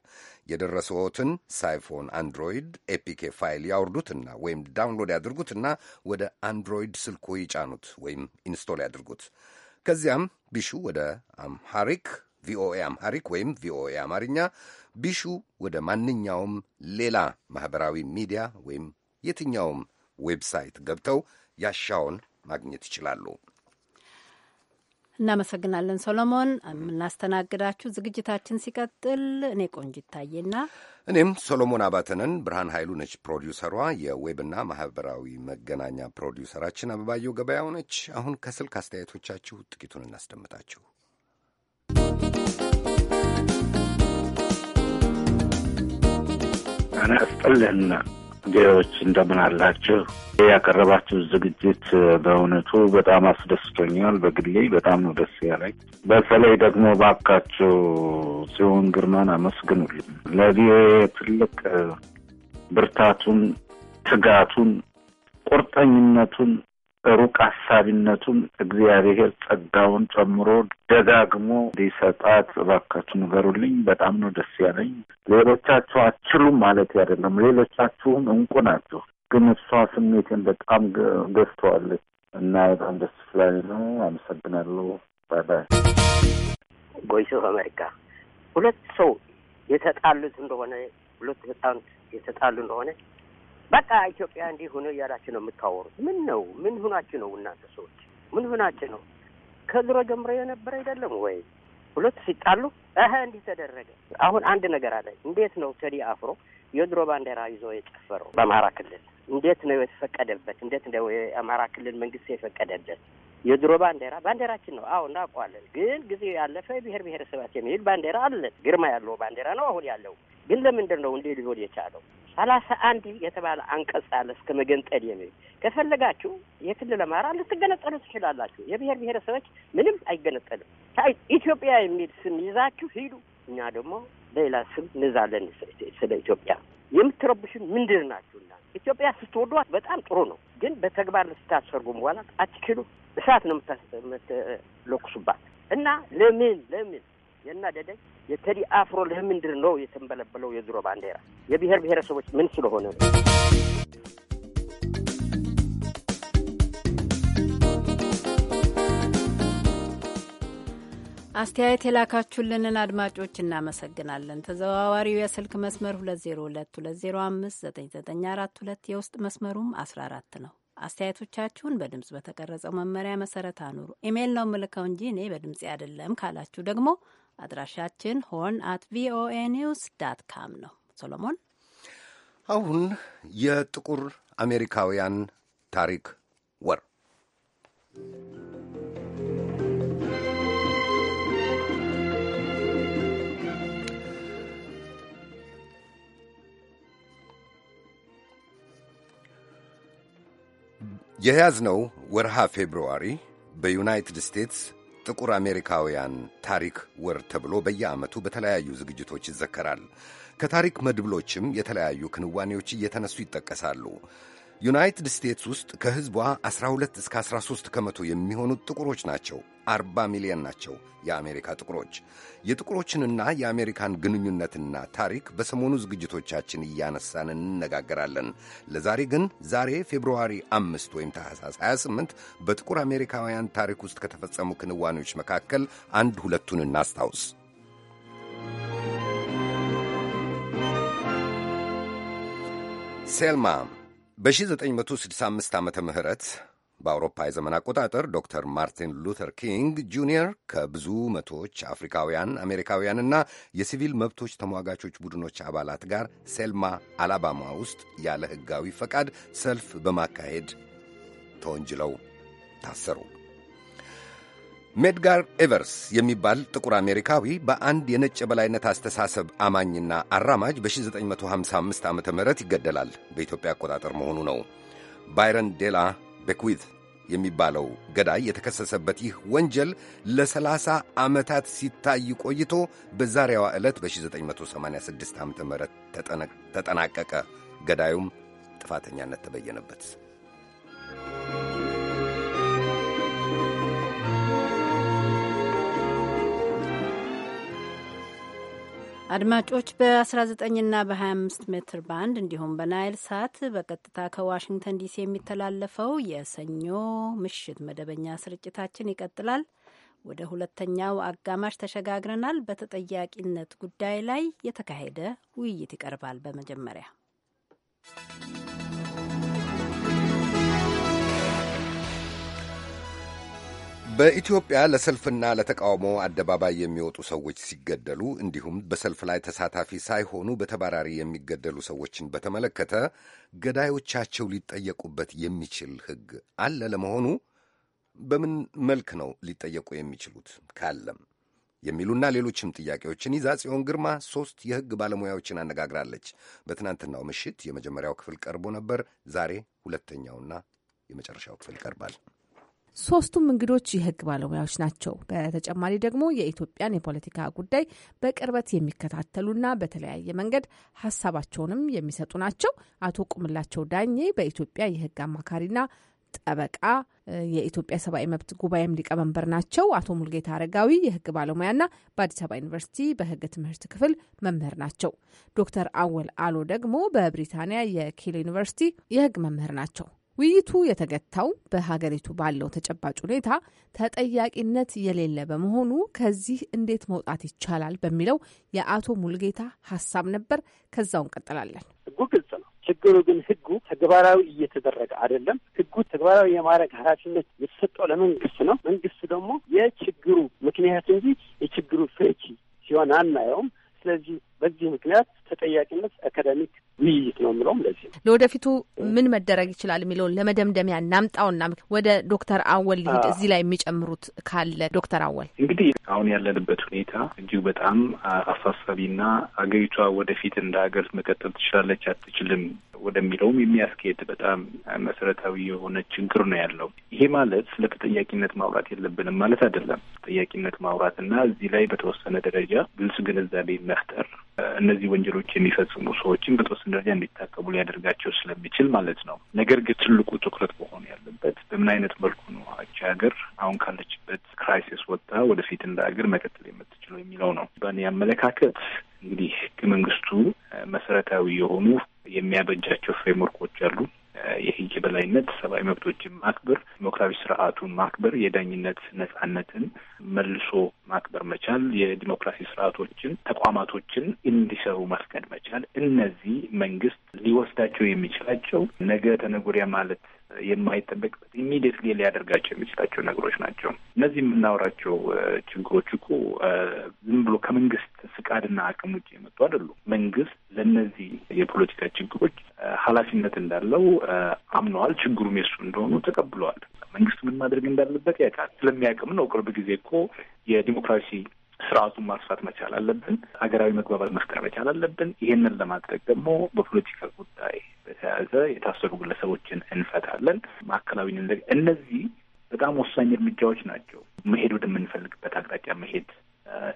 የደረሰዎትን ሳይፎን አንድሮይድ ኤፒኬ ፋይል ያወርዱትና ወይም ዳውንሎድ ያድርጉትና ወደ አንድሮይድ ስልኮ ይጫኑት ወይም ኢንስቶል ያድርጉት። ከዚያም ቢሹ ወደ አምሃሪክ ቪኦኤ አምሃሪክ ወይም ቪኦኤ አማርኛ ቢሹ ወደ ማንኛውም ሌላ ማኅበራዊ ሚዲያ ወይም የትኛውም ዌብሳይት ገብተው ያሻውን ማግኘት ይችላሉ። እናመሰግናለን ሶሎሞን የምናስተናግዳችሁ ዝግጅታችን ሲቀጥል እኔ ቆንጅ ይታየና እኔም ሶሎሞን አባተነን። ብርሃን ኃይሉ ነች ፕሮዲውሰሯ። የዌብና ማህበራዊ መገናኛ ፕሮዲውሰራችን አበባየው ገበያው ነች። አሁን ከስልክ አስተያየቶቻችሁ ጥቂቱን እናስደምጣችሁ። አናስጠልን ዎች እንደምን አላችሁ? ያቀረባችሁ ዝግጅት በእውነቱ በጣም አስደስቶኛል። በግሌ በጣም ነው ደስ ያለኝ። በተለይ ደግሞ ባካችሁ ጽዮን ግርማን አመስግኑልኝ። ለቪኦኤ ትልቅ ብርታቱን፣ ትጋቱን፣ ቁርጠኝነቱን ሩቅ አሳቢነቱን እግዚአብሔር ጸጋውን ጨምሮ ደጋግሞ ሊሰጣት እባካችሁ ንገሩልኝ። በጣም ነው ደስ ያለኝ። ሌሎቻችሁ አችሉም ማለት አይደለም፣ ሌሎቻችሁም እንቁ ናችሁ። ግን እሷ ስሜቴን በጣም ገዝተዋለች እና በጣም ደስ ስላለ ነው። አመሰግናለሁ። ባይባይ። ቮይስ ኦፍ አሜሪካ። ሁለት ሰው የተጣሉት እንደሆነ ሁለት በጣም የተጣሉ እንደሆነ በቃ ኢትዮጵያ እንዲህ ሆኖ እያላችሁ ነው የምታወሩት። ምን ነው ምን ሆናችሁ ነው እናንተ ሰዎች ምን ሆናችሁ ነው? ከድሮ ጀምሮ የነበረ አይደለም ወይ? ሁለት ሲጣሉ እህ እንዲህ ተደረገ። አሁን አንድ ነገር አለ። እንዴት ነው ቴዲ አፍሮ የድሮ ባንዲራ ይዞ የጨፈረው በአማራ ክልል? እንዴት ነው የተፈቀደበት? እንዴት ነው የአማራ ክልል መንግስት የፈቀደበት? የድሮ ባንዴራ ባንዴራችን ነው። አዎ እናውቀዋለን። ግን ጊዜ ያለፈ ብሔር ብሔረሰባት የሚል ባንዴራ አለ። ግርማ ያለው ባንዴራ ነው አሁን ያለው። ግን ለምንድን ነው እንዴ ሊሆን የቻለው? ሰላሳ አንድ የተባለ አንቀጽ አለ እስከ መገንጠል የሚል ከፈለጋችሁ የክልል አማራ ልትገነጠሉ ትችላላችሁ። የብሔር ብሔረሰቦች ምንም አይገነጠልም። ኢትዮጵያ የሚል ስም ይዛችሁ ሂዱ። እኛ ደግሞ ሌላ ስም እንዛለን። ስለ ኢትዮጵያ የምትረብሹን ምንድን ናችሁ? እና ኢትዮጵያ ስትወዷት በጣም ጥሩ ነው፣ ግን በተግባር ልስታሰርጉም በኋላ አትችሉ። እሳት ነው የምትለኩሱባት። እና ለምን ለምን የናደደኝ የቴዲ አፍሮ ለምንድን ነው የተንበለበለው የድሮ ባንዲራ? የብሔር ብሔረሰቦች ምን ስለሆነ ነው? አስተያየት የላካችሁልንን አድማጮች እናመሰግናለን። ተዘዋዋሪው የስልክ መስመር 2022059942 የውስጥ መስመሩም 14 ነው። አስተያየቶቻችሁን በድምጽ በተቀረጸው መመሪያ መሰረት አኑሩ። ኢሜይል ነው ምልከው እንጂ እኔ በድምጽ አይደለም ካላችሁ ደግሞ አድራሻችን ሆን አት ቪኦኤ ኒውስ ዳት ካም ነው። ሶሎሞን፣ አሁን የጥቁር አሜሪካውያን ታሪክ ወር የያዝነው ወርሃ ፌብርዋሪ በዩናይትድ ስቴትስ ጥቁር አሜሪካውያን ታሪክ ወር ተብሎ በየዓመቱ በተለያዩ ዝግጅቶች ይዘከራል። ከታሪክ መድብሎችም የተለያዩ ክንዋኔዎች እየተነሱ ይጠቀሳሉ። ዩናይትድ ስቴትስ ውስጥ ከሕዝቧ 12 እስከ 13 ከመቶ የሚሆኑት ጥቁሮች ናቸው። 40 ሚሊዮን ናቸው የአሜሪካ ጥቁሮች። የጥቁሮችንና የአሜሪካን ግንኙነትና ታሪክ በሰሞኑ ዝግጅቶቻችን እያነሳን እንነጋገራለን። ለዛሬ ግን ዛሬ ፌብርዋሪ 5 ወይም ታህሳስ 28 በጥቁር አሜሪካውያን ታሪክ ውስጥ ከተፈጸሙ ክንዋኔዎች መካከል አንድ ሁለቱን እናስታውስ። ሴልማ በ1965 ዓመተ ምህረት በአውሮፓ የዘመን አቆጣጠር ዶክተር ማርቲን ሉተር ኪንግ ጁኒየር ከብዙ መቶዎች አፍሪካውያን አሜሪካውያንና የሲቪል መብቶች ተሟጋቾች ቡድኖች አባላት ጋር ሴልማ አላባማ ውስጥ ያለ ሕጋዊ ፈቃድ ሰልፍ በማካሄድ ተወንጅለው ታሰሩ። ሜድጋር ኤቨርስ የሚባል ጥቁር አሜሪካዊ በአንድ የነጭ የበላይነት አስተሳሰብ አማኝና አራማጅ በ1955 ዓ ም ይገደላል። በኢትዮጵያ አቆጣጠር መሆኑ ነው። ባይረን ዴላ ቤክዊት የሚባለው ገዳይ የተከሰሰበት ይህ ወንጀል ለ30 ዓመታት ሲታይ ቆይቶ በዛሬዋ ዕለት በ1986 ዓ ም ተጠናቀቀ። ገዳዩም ጥፋተኛነት ተበየነበት። አድማጮች በ19ና በ25 ሜትር ባንድ እንዲሁም በናይል ሳት በቀጥታ ከዋሽንግተን ዲሲ የሚተላለፈው የሰኞ ምሽት መደበኛ ስርጭታችን ይቀጥላል። ወደ ሁለተኛው አጋማሽ ተሸጋግረናል። በተጠያቂነት ጉዳይ ላይ የተካሄደ ውይይት ይቀርባል። በመጀመሪያ በኢትዮጵያ ለሰልፍና ለተቃውሞ አደባባይ የሚወጡ ሰዎች ሲገደሉ እንዲሁም በሰልፍ ላይ ተሳታፊ ሳይሆኑ በተባራሪ የሚገደሉ ሰዎችን በተመለከተ ገዳዮቻቸው ሊጠየቁበት የሚችል ሕግ አለ? ለመሆኑ በምን መልክ ነው ሊጠየቁ የሚችሉት ካለም የሚሉና ሌሎችም ጥያቄዎችን ይዛ ጽዮን ግርማ ሶስት የሕግ ባለሙያዎችን አነጋግራለች። በትናንትናው ምሽት የመጀመሪያው ክፍል ቀርቦ ነበር። ዛሬ ሁለተኛውና የመጨረሻው ክፍል ይቀርባል። ሶስቱም እንግዶች የህግ ባለሙያዎች ናቸው። በተጨማሪ ደግሞ የኢትዮጵያን የፖለቲካ ጉዳይ በቅርበት የሚከታተሉና በተለያየ መንገድ ሀሳባቸውንም የሚሰጡ ናቸው። አቶ ቁምላቸው ዳኜ በኢትዮጵያ የህግ አማካሪና ጠበቃ የኢትዮጵያ ሰብአዊ መብት ጉባኤም ሊቀመንበር ናቸው። አቶ ሙልጌታ አረጋዊ የህግ ባለሙያና በአዲስ አበባ ዩኒቨርሲቲ በህግ ትምህርት ክፍል መምህር ናቸው። ዶክተር አወል አሎ ደግሞ በብሪታንያ የኬል ዩኒቨርሲቲ የህግ መምህር ናቸው። ውይይቱ የተገታው በሀገሪቱ ባለው ተጨባጭ ሁኔታ ተጠያቂነት የሌለ በመሆኑ ከዚህ እንዴት መውጣት ይቻላል በሚለው የአቶ ሙልጌታ ሀሳብ ነበር። ከዛው እንቀጥላለን። ህጉ ግልጽ ነው። ችግሩ ግን ህጉ ተግባራዊ እየተደረገ አይደለም። ህጉ ተግባራዊ የማድረግ ኃላፊነት የተሰጠው ለመንግስት ነው። መንግስት ደግሞ የችግሩ ምክንያት እንጂ የችግሩ ፍቺ ሲሆን አናየውም። ስለዚህ በዚህ ምክንያት ተጠያቂነት አካዳሚክ ውይይት ነው የምለውም ለዚህ ነው። ለወደፊቱ ምን መደረግ ይችላል የሚለውን ለመደምደሚያ እናምጣውና ወደ ዶክተር አወል ሊሄድ እዚህ ላይ የሚጨምሩት ካለ ዶክተር አወል እንግዲህ አሁን ያለንበት ሁኔታ እጅግ በጣም አሳሳቢና አገሪቷ ወደፊት እንደ ሀገር መቀጠል ትችላለች አትችልም ወደሚለውም የሚያስኬድ በጣም መሰረታዊ የሆነ ችግር ነው ያለው። ይሄ ማለት ስለ ተጠያቂነት ማውራት የለብንም ማለት አይደለም። ተጠያቂነት ማውራት እና እዚህ ላይ በተወሰነ ደረጃ ግልጽ ግንዛቤ መፍጠር እነዚህ ወንጀሎች የሚፈጽሙ ሰዎችን በተወሰነ ደረጃ እንዲታቀቡ ሊያደርጋቸው ስለሚችል ማለት ነው። ነገር ግን ትልቁ ትኩረት መሆን ያለበት በምን አይነት መልኩ ነው አቺ ሀገር አሁን ካለችበት ክራይሲስ ወጥታ ወደፊት እንደ ሀገር መቀጠል የምትችለው የሚለው ነው። በእኔ አመለካከት እንግዲህ ህገ መንግስቱ መሰረታዊ የሆኑ የሚያበጃቸው ፍሬምወርኮች አሉ። የህግ የበላይነት፣ ሰብአዊ መብቶችን ማክበር፣ ዲሞክራዊ ስርዓቱን ማክበር፣ የዳኝነት ነጻነትን መልሶ ማክበር መቻል፣ የዲሞክራሲ ስርዓቶችን ተቋማቶችን እንዲሰሩ ማስቀድ መቻል እነዚህ መንግስት ሊወስዳቸው የሚችላቸው ነገ ተነጎሪያ ማለት የማይጠበቅበት ኢሚዲየትሊ ሊያደርጋቸው የሚችላቸው ነገሮች ናቸው። እነዚህ የምናወራቸው ችግሮች እኮ ዝም ብሎ ከመንግስት ፍቃድና አቅም ውጭ የመጡ አይደሉም። መንግስት ለእነዚህ የፖለቲካ ችግሮች ኃላፊነት እንዳለው አምነዋል። ችግሩም የሱ እንደሆኑ ተቀብለዋል። መንግስቱ ምን ማድረግ እንዳለበት ያውቃል። ስለሚያውቅም ነው ቅርብ ጊዜ እኮ የዲሞክራሲ ስርዓቱን ማስፋት መቻል አለብን። ሀገራዊ መግባባት መፍጠር መቻል አለብን። ይህንን ለማድረግ ደግሞ በፖለቲካ ጉዳይ በተያያዘ የታሰሩ ግለሰቦችን እንፈታለን። ማዕከላዊ እነዚህ በጣም ወሳኝ እርምጃዎች ናቸው። መሄድ ወደምንፈልግበት አቅጣጫ መሄድ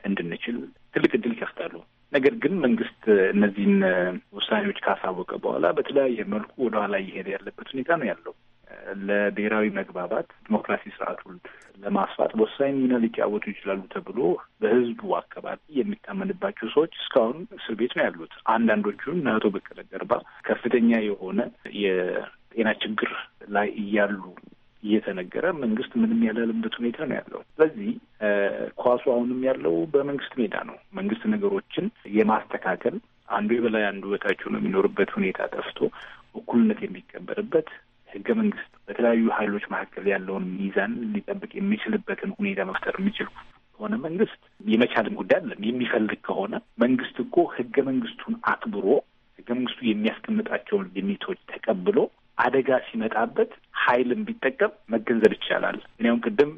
እንድንችል ትልቅ እድል ይከፍታሉ። ነገር ግን መንግስት እነዚህን ውሳኔዎች ካሳወቀ በኋላ በተለያየ መልኩ ወደኋላ እየሄደ ያለበት ሁኔታ ነው ያለው። ለብሔራዊ መግባባት ዲሞክራሲ ስርዓቱን ለማስፋት ወሳኝ ሚና ሊጫወቱ ይችላሉ ተብሎ በህዝቡ አካባቢ የሚታመንባቸው ሰዎች እስካሁን እስር ቤት ነው ያሉት። አንዳንዶቹ እነ አቶ በቀለ ገርባ ከፍተኛ የሆነ የጤና ችግር ላይ እያሉ እየተነገረ መንግስት ምንም ያላለበት ሁኔታ ነው ያለው። ስለዚህ ኳሱ አሁንም ያለው በመንግስት ሜዳ ነው። መንግስት ነገሮችን የማስተካከል አንዱ የበላይ አንዱ በታች ነው የሚኖርበት ሁኔታ ጠፍቶ እኩልነት የሚከበርበት ህገ መንግስት በተለያዩ ሀይሎች መካከል ያለውን ሚዛን ሊጠብቅ የሚችልበትን ሁኔታ መፍጠር የሚችል ከሆነ መንግስት የመቻልም ጉዳይ አለም የሚፈልግ ከሆነ መንግስት እኮ ህገ መንግስቱን አክብሮ ህገ መንግስቱ የሚያስቀምጣቸውን ሊሚቶች ተቀብሎ አደጋ ሲመጣበት ሀይልን ቢጠቀም መገንዘብ ይቻላል። እኔውም ቅድም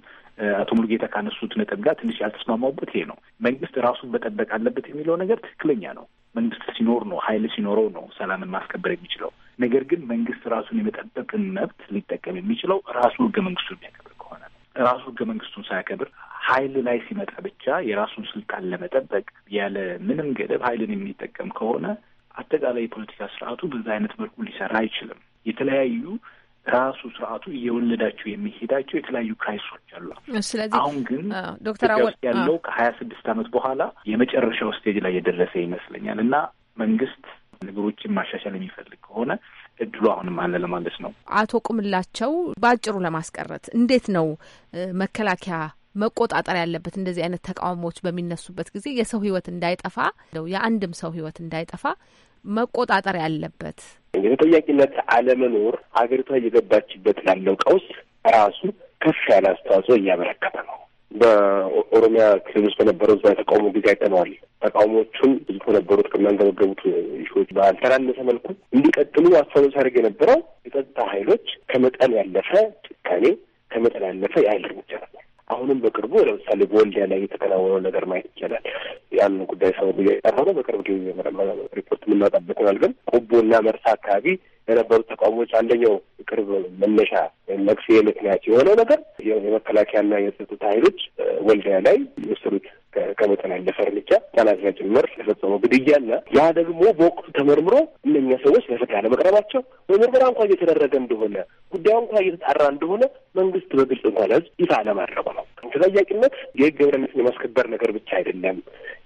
አቶ ሙሉጌታ ካነሱት ነጥብ ጋር ትንሽ ያልተስማማውበት ይሄ ነው። መንግስት ራሱን መጠበቅ አለበት የሚለው ነገር ትክክለኛ ነው። መንግስት ሲኖር ነው ሀይል ሲኖረው ነው ሰላምን ማስከበር የሚችለው። ነገር ግን መንግስት ራሱን የመጠበቅን መብት ሊጠቀም የሚችለው ራሱ ህገ መንግስቱ የሚያከብር ከሆነ ራሱ ህገ መንግስቱን ሳያከብር ኃይል ላይ ሲመጣ ብቻ የራሱን ስልጣን ለመጠበቅ ያለ ምንም ገደብ ኃይልን የሚጠቀም ከሆነ አጠቃላይ የፖለቲካ ስርዓቱ በዛ አይነት መልኩ ሊሰራ አይችልም። የተለያዩ ራሱ ስርዓቱ እየወለዳቸው የሚሄዳቸው የተለያዩ ክራይሶች አሉ። ስለዚህ አሁን ግን ዶክተር አወል ያለው ከሀያ ስድስት አመት በኋላ የመጨረሻው ስቴጅ ላይ የደረሰ ይመስለኛል እና መንግስት ነገሮችን ማሻሻል የሚፈልግ ከሆነ እድሉ አሁንም አለ ለማለት ነው። አቶ ቁምላቸው በአጭሩ ለማስቀረት እንዴት ነው መከላከያ መቆጣጠር ያለበት እንደዚህ አይነት ተቃውሞዎች በሚነሱበት ጊዜ የሰው ህይወት እንዳይጠፋ የአንድም ሰው ህይወት እንዳይጠፋ መቆጣጠር ያለበት እንግዲህ ተጠያቂነት አለመኖር ሀገሪቷ እየገባችበት ላለው ቀውስ ራሱ ከፍ ያለ አስተዋጽኦ እያበረከተ ነው። በኦሮሚያ ክልል ውስጥ በነበረው ህዝባዊ የተቃውሞ ጊዜ አይጠነዋል። ተቃውሞቹን ብዙ ከነበሩት ከሚያንገበገቡት ሾች ባልተናነሰ መልኩ እንዲቀጥሉ አስተዋጽኦ ሲያደርግ የነበረው የጸጥታ ኃይሎች ከመጠን ያለፈ ጭካኔ፣ ከመጠን ያለፈ የኃይል እርምጃ ነበር። አሁንም በቅርቡ ለምሳሌ በወልዲያ ላይ የተከናወነው ነገር ማየት ይቻላል። ያን ጉዳይ ሰው ብያ ጠራ ነው። በቅርብ ጊዜ ሪፖርት የምናወጣበት ይሆናል። ግን ቆቦና መርሳ አካባቢ የነበሩ ተቃውሞች አንደኛው ቅርብ መነሻ መቅስኤ ምክንያት የሆነው ነገር የመከላከያና የጸጥታ ኃይሎች ወልዲያ ላይ የወሰዱት ከመጠን ያለፈ እርምጃ ጠላትና ጭምር ግድያ ግድያና ያ ደግሞ በወቅቱ ተመርምሮ እነኛ ሰዎች ለፍትህ አለመቅረባቸው በምርመራ እንኳ እየተደረገ እንደሆነ ጉዳዩ እንኳ እየተጣራ እንደሆነ መንግስት በግልጽ እንኳ ለህዝብ ይፋ አለማድረጉ ነው። ተጠያቂነት የህግ የበላይነትን የማስከበር ነገር ብቻ አይደለም።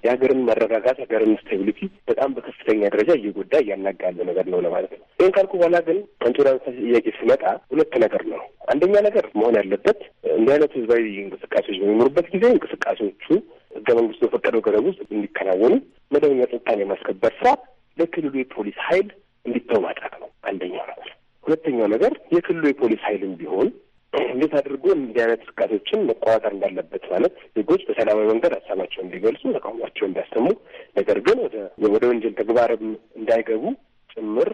የሀገርን መረጋጋት ሀገርን ስታቢሊቲ በጣም በከፍተኛ ደረጃ እየጎዳ እያናጋለ ነገር ነው ለማለት ነው። ይህን ካልኩ በኋላ ግን አንቱ ጥያቄ ሲመጣ ሁለት ነገር ነው። አንደኛ ነገር መሆን ያለበት እንዲህ አይነት ህዝባዊ እንቅስቃሴዎች በሚኖሩበት ጊዜ እንቅስቃሴዎቹ ህገ መንግስቱ በፈቀደው ገደብ ውስጥ እንዲከናወኑ መደበኛ ጸጥታን የማስከበር ስራ ለክልሉ የፖሊስ ኃይል እንዲተው ማድረግ ነው አንደኛው ነገር። ሁለተኛው ነገር የክልሉ የፖሊስ ኃይልም ቢሆን እንዴት አድርጎ እንዲህ አይነት እንቅስቃሴዎችን መቆጣጠር እንዳለበት ማለት ዜጎች በሰላማዊ መንገድ ሀሳባቸውን እንዲገልጹ፣ ተቃውሟቸው እንዲያሰሙ፣ ነገር ግን ወደ ወንጀል ተግባርም እንዳይገቡ ጭምር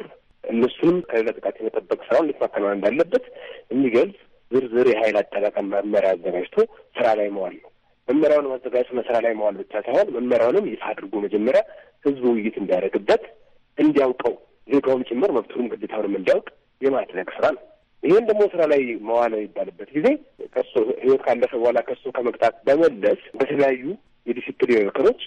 እነሱንም ከሌላ ጥቃት የመጠበቅ ስራው እንዴት ማከናወን እንዳለበት የሚገልጽ ዝርዝር የኃይል አጠቃቀም መመሪያ አዘጋጅቶ ስራ ላይ መዋል ነው። መመሪያውን ማዘጋጀት መስራ ላይ መዋል ብቻ ሳይሆን መመሪያውንም ይፋ አድርጎ መጀመሪያ ህዝቡ ውይይት እንዲያደርግበት እንዲያውቀው ዜጋውም ጭምር መብቱንም ግዴታውንም እንዲያውቅ የማድረግ ስራ ነው። ይህን ደግሞ ስራ ላይ መዋል ይባልበት ጊዜ ከሱ ህይወት ካለፈ በኋላ ከሱ ከመቅጣት በመለስ በተለያዩ የዲሲፕሊን ምክሮች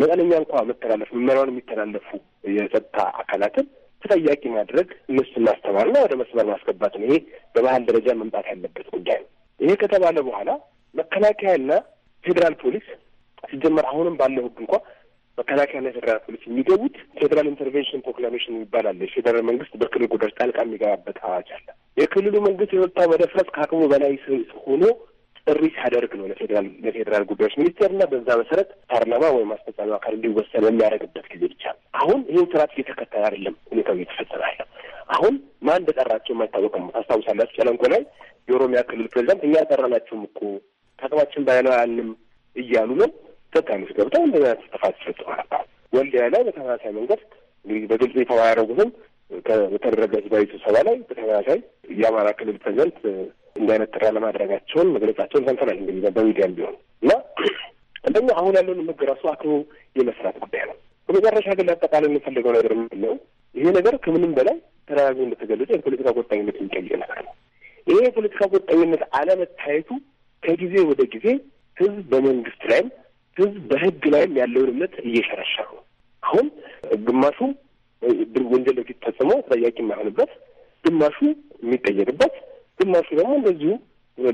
መጠነኛ እንኳ መተላለፍ መመሪያውን የሚተላለፉ የጸጥታ አካላትን ተጠያቂ ማድረግ እነሱን ማስተማርና ወደ መስመር ማስገባት ነው። ይሄ በባህል ደረጃ መምጣት ያለበት ጉዳይ ነው። ይሄ ከተባለ በኋላ መከላከያና ፌዴራል ፖሊስ ሲጀመር አሁንም ባለው ህግ እንኳ መከላከያና የፌዴራል ፖሊስ የሚገቡት ፌዴራል ኢንተርቬንሽን ፕሮክላሜሽን የሚባል አለ። የፌዴራል መንግስት በክልል ጉዳዮች ጣልቃ የሚገባበት አዋጅ አለ። የክልሉ መንግስት የወጣው መደፍረስ ከአቅሙ በላይ ሆኖ ጥሪ ሲያደርግ ነው ለፌዴራል ለፌዴራል ጉዳዮች ሚኒስቴር ሚኒስቴርና በዛ መሰረት ፓርላማ ወይም አስፈጻሚ አካል እንዲወሰን የሚያደርግበት ጊዜ ብቻ አሁን ይህን ስርዓት እየተከተለ አይደለም ሁኔታው እየተፈጸመ ያለው። አሁን ማን እንደጠራቸው አይታወቅም። ታስታውሳላችሁ፣ ጨለንቆ ላይ የኦሮሚያ ክልል ፕሬዚዳንት እኛ ጠራናችሁም እኮ ከአቅማችን በላይ ነው ያንም እያሉ ነው ተጠቃሚዎች ገብተው እንደዚ ጥፋት ይፈጽማል። ወልዲያ ላይ በተመሳሳይ መንገድ እንግዲህ በግልጽ ይፋ ያደረጉትም በተደረገ ህዝባዊ ስብሰባ ላይ በተመሳሳይ የአማራ ክልል ፕሬዚደንት እንዲህ አይነት ጥሪ ለማድረጋቸውን መግለጻቸውን ሰምተናል። እንግዲህ በሚዲያም ቢሆን እና አንደኛ አሁን ያለውን ህግ ራሱ አክሎ የመስራት ጉዳይ ነው። በመጨረሻ ግን ለአጠቃላይ የምንፈልገው ነገር ምንለው ይሄ ነገር ከምንም በላይ ተደራቢ እንደተገለጸ የፖለቲካ ቁርጠኝነት የሚጠይቅ ነገር ነው። ይሄ የፖለቲካ ቁርጠኝነት አለመታየቱ ከጊዜ ወደ ጊዜ ህዝብ በመንግስት ላይም ህዝብ በህግ ላይም ያለውን እምነት እየሸረሸሩ ነው። አሁን ግማሹ ወንጀል በፊት ፈጽሞ ተጠያቂ የማይሆንበት፣ ግማሹ የሚጠየቅበት፣ ግማሹ ደግሞ እንደዚሁ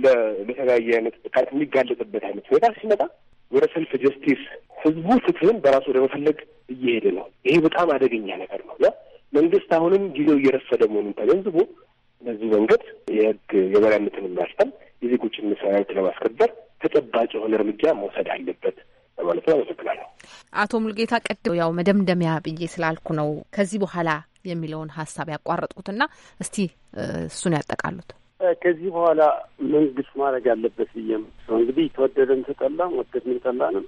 ለተለያየ አይነት ጥቃት የሚጋለጥበት አይነት ሁኔታ ሲመጣ ወደ ሰልፍ ጀስቲስ ህዝቡ ፍትህን በራሱ ወደ መፈለግ እየሄደ ነው። ይሄ በጣም አደገኛ ነገር ነው። ያ መንግስት አሁንም ጊዜው እየረፈደ መሆኑን ተገንዝቦ በዚህ መንገድ የህግ የበላይነትን የሚያስጠል የዜጎችን መሰናበት ለማስከበር ተጨባጭ የሆነ እርምጃ መውሰድ አለበት ለማለት ነው። አመሰግናለሁ። አቶ ሙልጌታ ቀድ ያው መደምደሚያ ብዬ ስላልኩ ነው ከዚህ በኋላ የሚለውን ሀሳብ ያቋረጥኩትና እስቲ እሱን ያጠቃሉት። ከዚህ በኋላ መንግስት ማድረግ ያለበት ብዬ ሰው እንግዲህ ተወደደን ተጠላም ወደድንም ጠላንም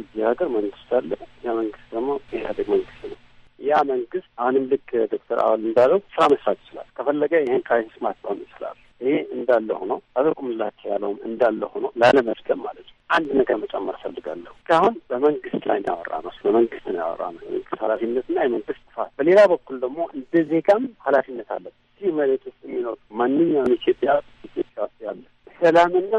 እዚህ ሀገር መንግስት አለ። ያ መንግስት ደግሞ ኢህአዴግ መንግስት ነው። ያ መንግስት አሁንም ልክ ዶክተር አዋል እንዳለው ስራ መስራት ይችላል። ከፈለገ ይህን ክራይሲስ ማስቆም ይችላል። ይሄ እንዳለ ሆኖ አድርጉምላቸው ያለውም እንዳለ ሆኖ ላለመድገም ማለት ነው። አንድ ነገር መጨመር ፈልጋለሁ። እስካሁን በመንግስት ላይ ያወራ ነው፣ በመንግስት ነው ያወራ ነው፣ የመንግስት ኃላፊነትና የመንግስት ጥፋት። በሌላ በኩል ደግሞ እንደ ዜጋም ኃላፊነት አለ። እዚህ መሬት ውስጥ የሚኖር ማንኛውም ኢትዮጵያ ኢትዮጵያ ውስጥ ያለ ሰላምና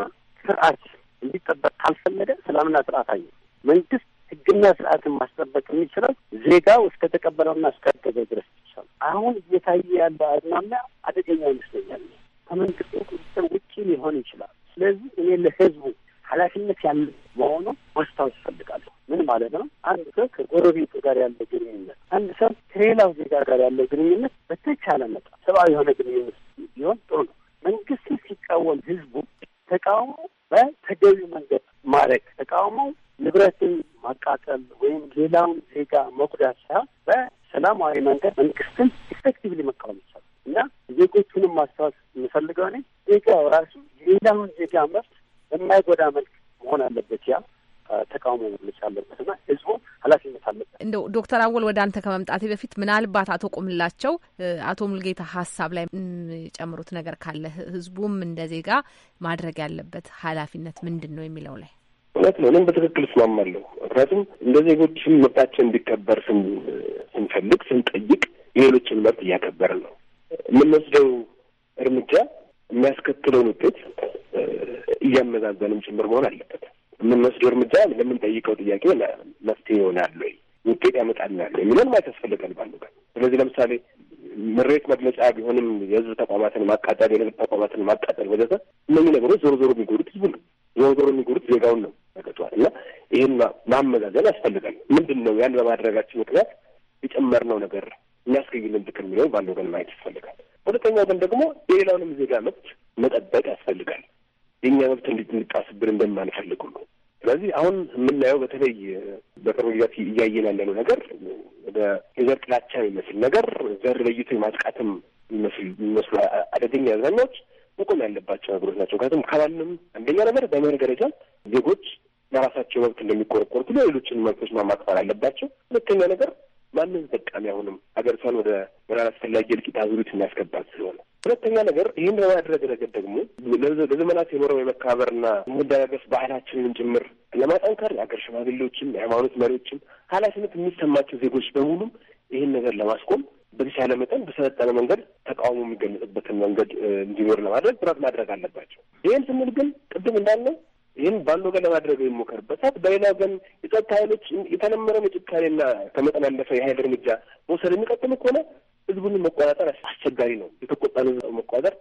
ስርዓት እንዲጠበቅ ካልፈለገ ሰላምና ስርዓት አየ መንግስት ህግና ስርዓትን ማስጠበቅ የሚችለው ዜጋው እስከ ተቀበለውና እስከ ድረስ ይቻል። አሁን እየታየ ያለ አዝማሚያ አደገኛ ይመስለኛል። ከመንግስት ቁጥጥር ሊሆን ይችላል። ስለዚህ እኔ ለህዝቡ ኃላፊነት ያለ መሆኑ ማስታወስ ይፈልጋለሁ። ምን ማለት ነው? አንድ ሰው ከጎረቤቱ ጋር ያለ ግንኙነት፣ አንድ ሰው ከሌላው ዜጋ ጋር ያለው ግንኙነት በተቻለ መጠን ሰብአዊ የሆነ ግንኙነት ቢሆን ጥሩ ነው። መንግስትን ሲቃወም ህዝቡ ተቃውሞ በተገቢ መንገድ ማድረግ ተቃውሞ ንብረትን ማቃጠል ወይም ሌላውን ዜጋ መጉዳት ሳይሆን በሰላማዊ መንገድ መንግስትን ኤፌክቲቭሊ መቃወም እና ዜጎቹንም ማስታወስ የምፈልገው እኔ ዜጋው ራሱ ሌላውን ዜጋ መብት የማይጎዳ መልክ መሆን አለበት። ያ ተቃውሞ መግለጫ አለበት እና ህዝቡ ኃላፊነት አለበት። እንደው ዶክተር አወል ወደ አንተ ከመምጣቴ በፊት ምናልባት አቶ ቁምላቸው አቶ ሙልጌታ ሀሳብ ላይ የጨምሩት ነገር ካለ ህዝቡም እንደ ዜጋ ማድረግ ያለበት ኃላፊነት ምንድን ነው የሚለው ላይ እውነት ነው። እኔም በትክክል እስማማለሁ። ምክንያቱም እንደ ዜጎችም መብታቸው እንዲከበር ስንፈልግ ስንጠይቅ የሌሎችን መብት እያከበር ነው። የምንወስደው እርምጃ የሚያስከትለውን ውጤት እያመዛዘንም ጭምር መሆን አለበት። የምንወስደው እርምጃ ለምንጠይቀው ጥያቄ መፍትሄ ይሆናል ወይ ውጤት ያመጣልናል የሚለን ማየት ያስፈልጋል ባሉ ጋር። ስለዚህ ለምሳሌ ምሬት መግለጫ ቢሆንም የህዝብ ተቋማትን ማቃጠል፣ የንግድ ተቋማትን ማቃጠል ወዘተ እነዚህ ነገሮች ዞሮ ዞሮ የሚጎዱት ህዝቡ ነው። ዞሮ ዞሮ የሚጎዱት ዜጋውን ነው ያቀጠዋል እና ይህን ማመዛዘን ያስፈልጋል። ምንድን ነው ያን በማድረጋችን ምክንያት የጨመርነው ነገር የሚያስገኝልን ጥቅም የሚለውን በአንድ ወገን ማየት ያስፈልጋል። ሁለተኛ ወገን ደግሞ የሌላውንም ዜጋ መብት መጠበቅ ያስፈልጋል። የእኛ መብት እንዲጣስብን እንደማንፈልግ ሁሉ። ስለዚህ አሁን የምናየው በተለይ በቅርብ ጊዜያት እያየን ያለነው ነገር ወደ የዘር ጥላቻ የሚመስል ነገር ዘር ለይቶ የማጥቃትም የሚመስል የሚመስሉ አደገኛ አብዛኛዎች መቆም ያለባቸው ነገሮች ናቸው። ምክንያቱም ከማንም አንደኛ ነገር በመሪ ደረጃ ዜጎች ለራሳቸው መብት እንደሚቆረቆሩት ሌሎችን መብቶች ማማክበር አለባቸው። ሁለተኛ ነገር ማንም ተጠቃሚ አሁንም ሀገሪቷን ወደ ወደ አላስፈላጊ እልቂት አዙሪት የሚያስገባት ስለሆነ፣ ሁለተኛ ነገር ይህን በማድረግ ረገድ ደግሞ ለዘመናት የኖረው የመከባበርና መደጋገፍ ባህላችንን ጭምር ለማጠንከር የሀገር ሽማግሌዎችም የሃይማኖት መሪዎችም ኃላፊነት የሚሰማቸው ዜጎች በሙሉም ይህን ነገር ለማስቆም በተቻለ መጠን በሰለጠነ መንገድ ተቃውሞ የሚገለጽበትን መንገድ እንዲኖር ለማድረግ ጥረት ማድረግ አለባቸው። ይህን ስንል ግን ቅድም እንዳለው ይህን በአንድ ወገን ለማድረግ የሚሞከርበት ሰዓት በሌላ ወገን የጸጥታ ኃይሎች የተለመደውን የጭካኔና ከመጠን ያለፈ የኃይል እርምጃ መውሰድ የሚቀጥሉ ከሆነ ህዝቡን መቆጣጠር አስቸጋሪ ነው። የተቆጣ ህዝብ መቆጣጠር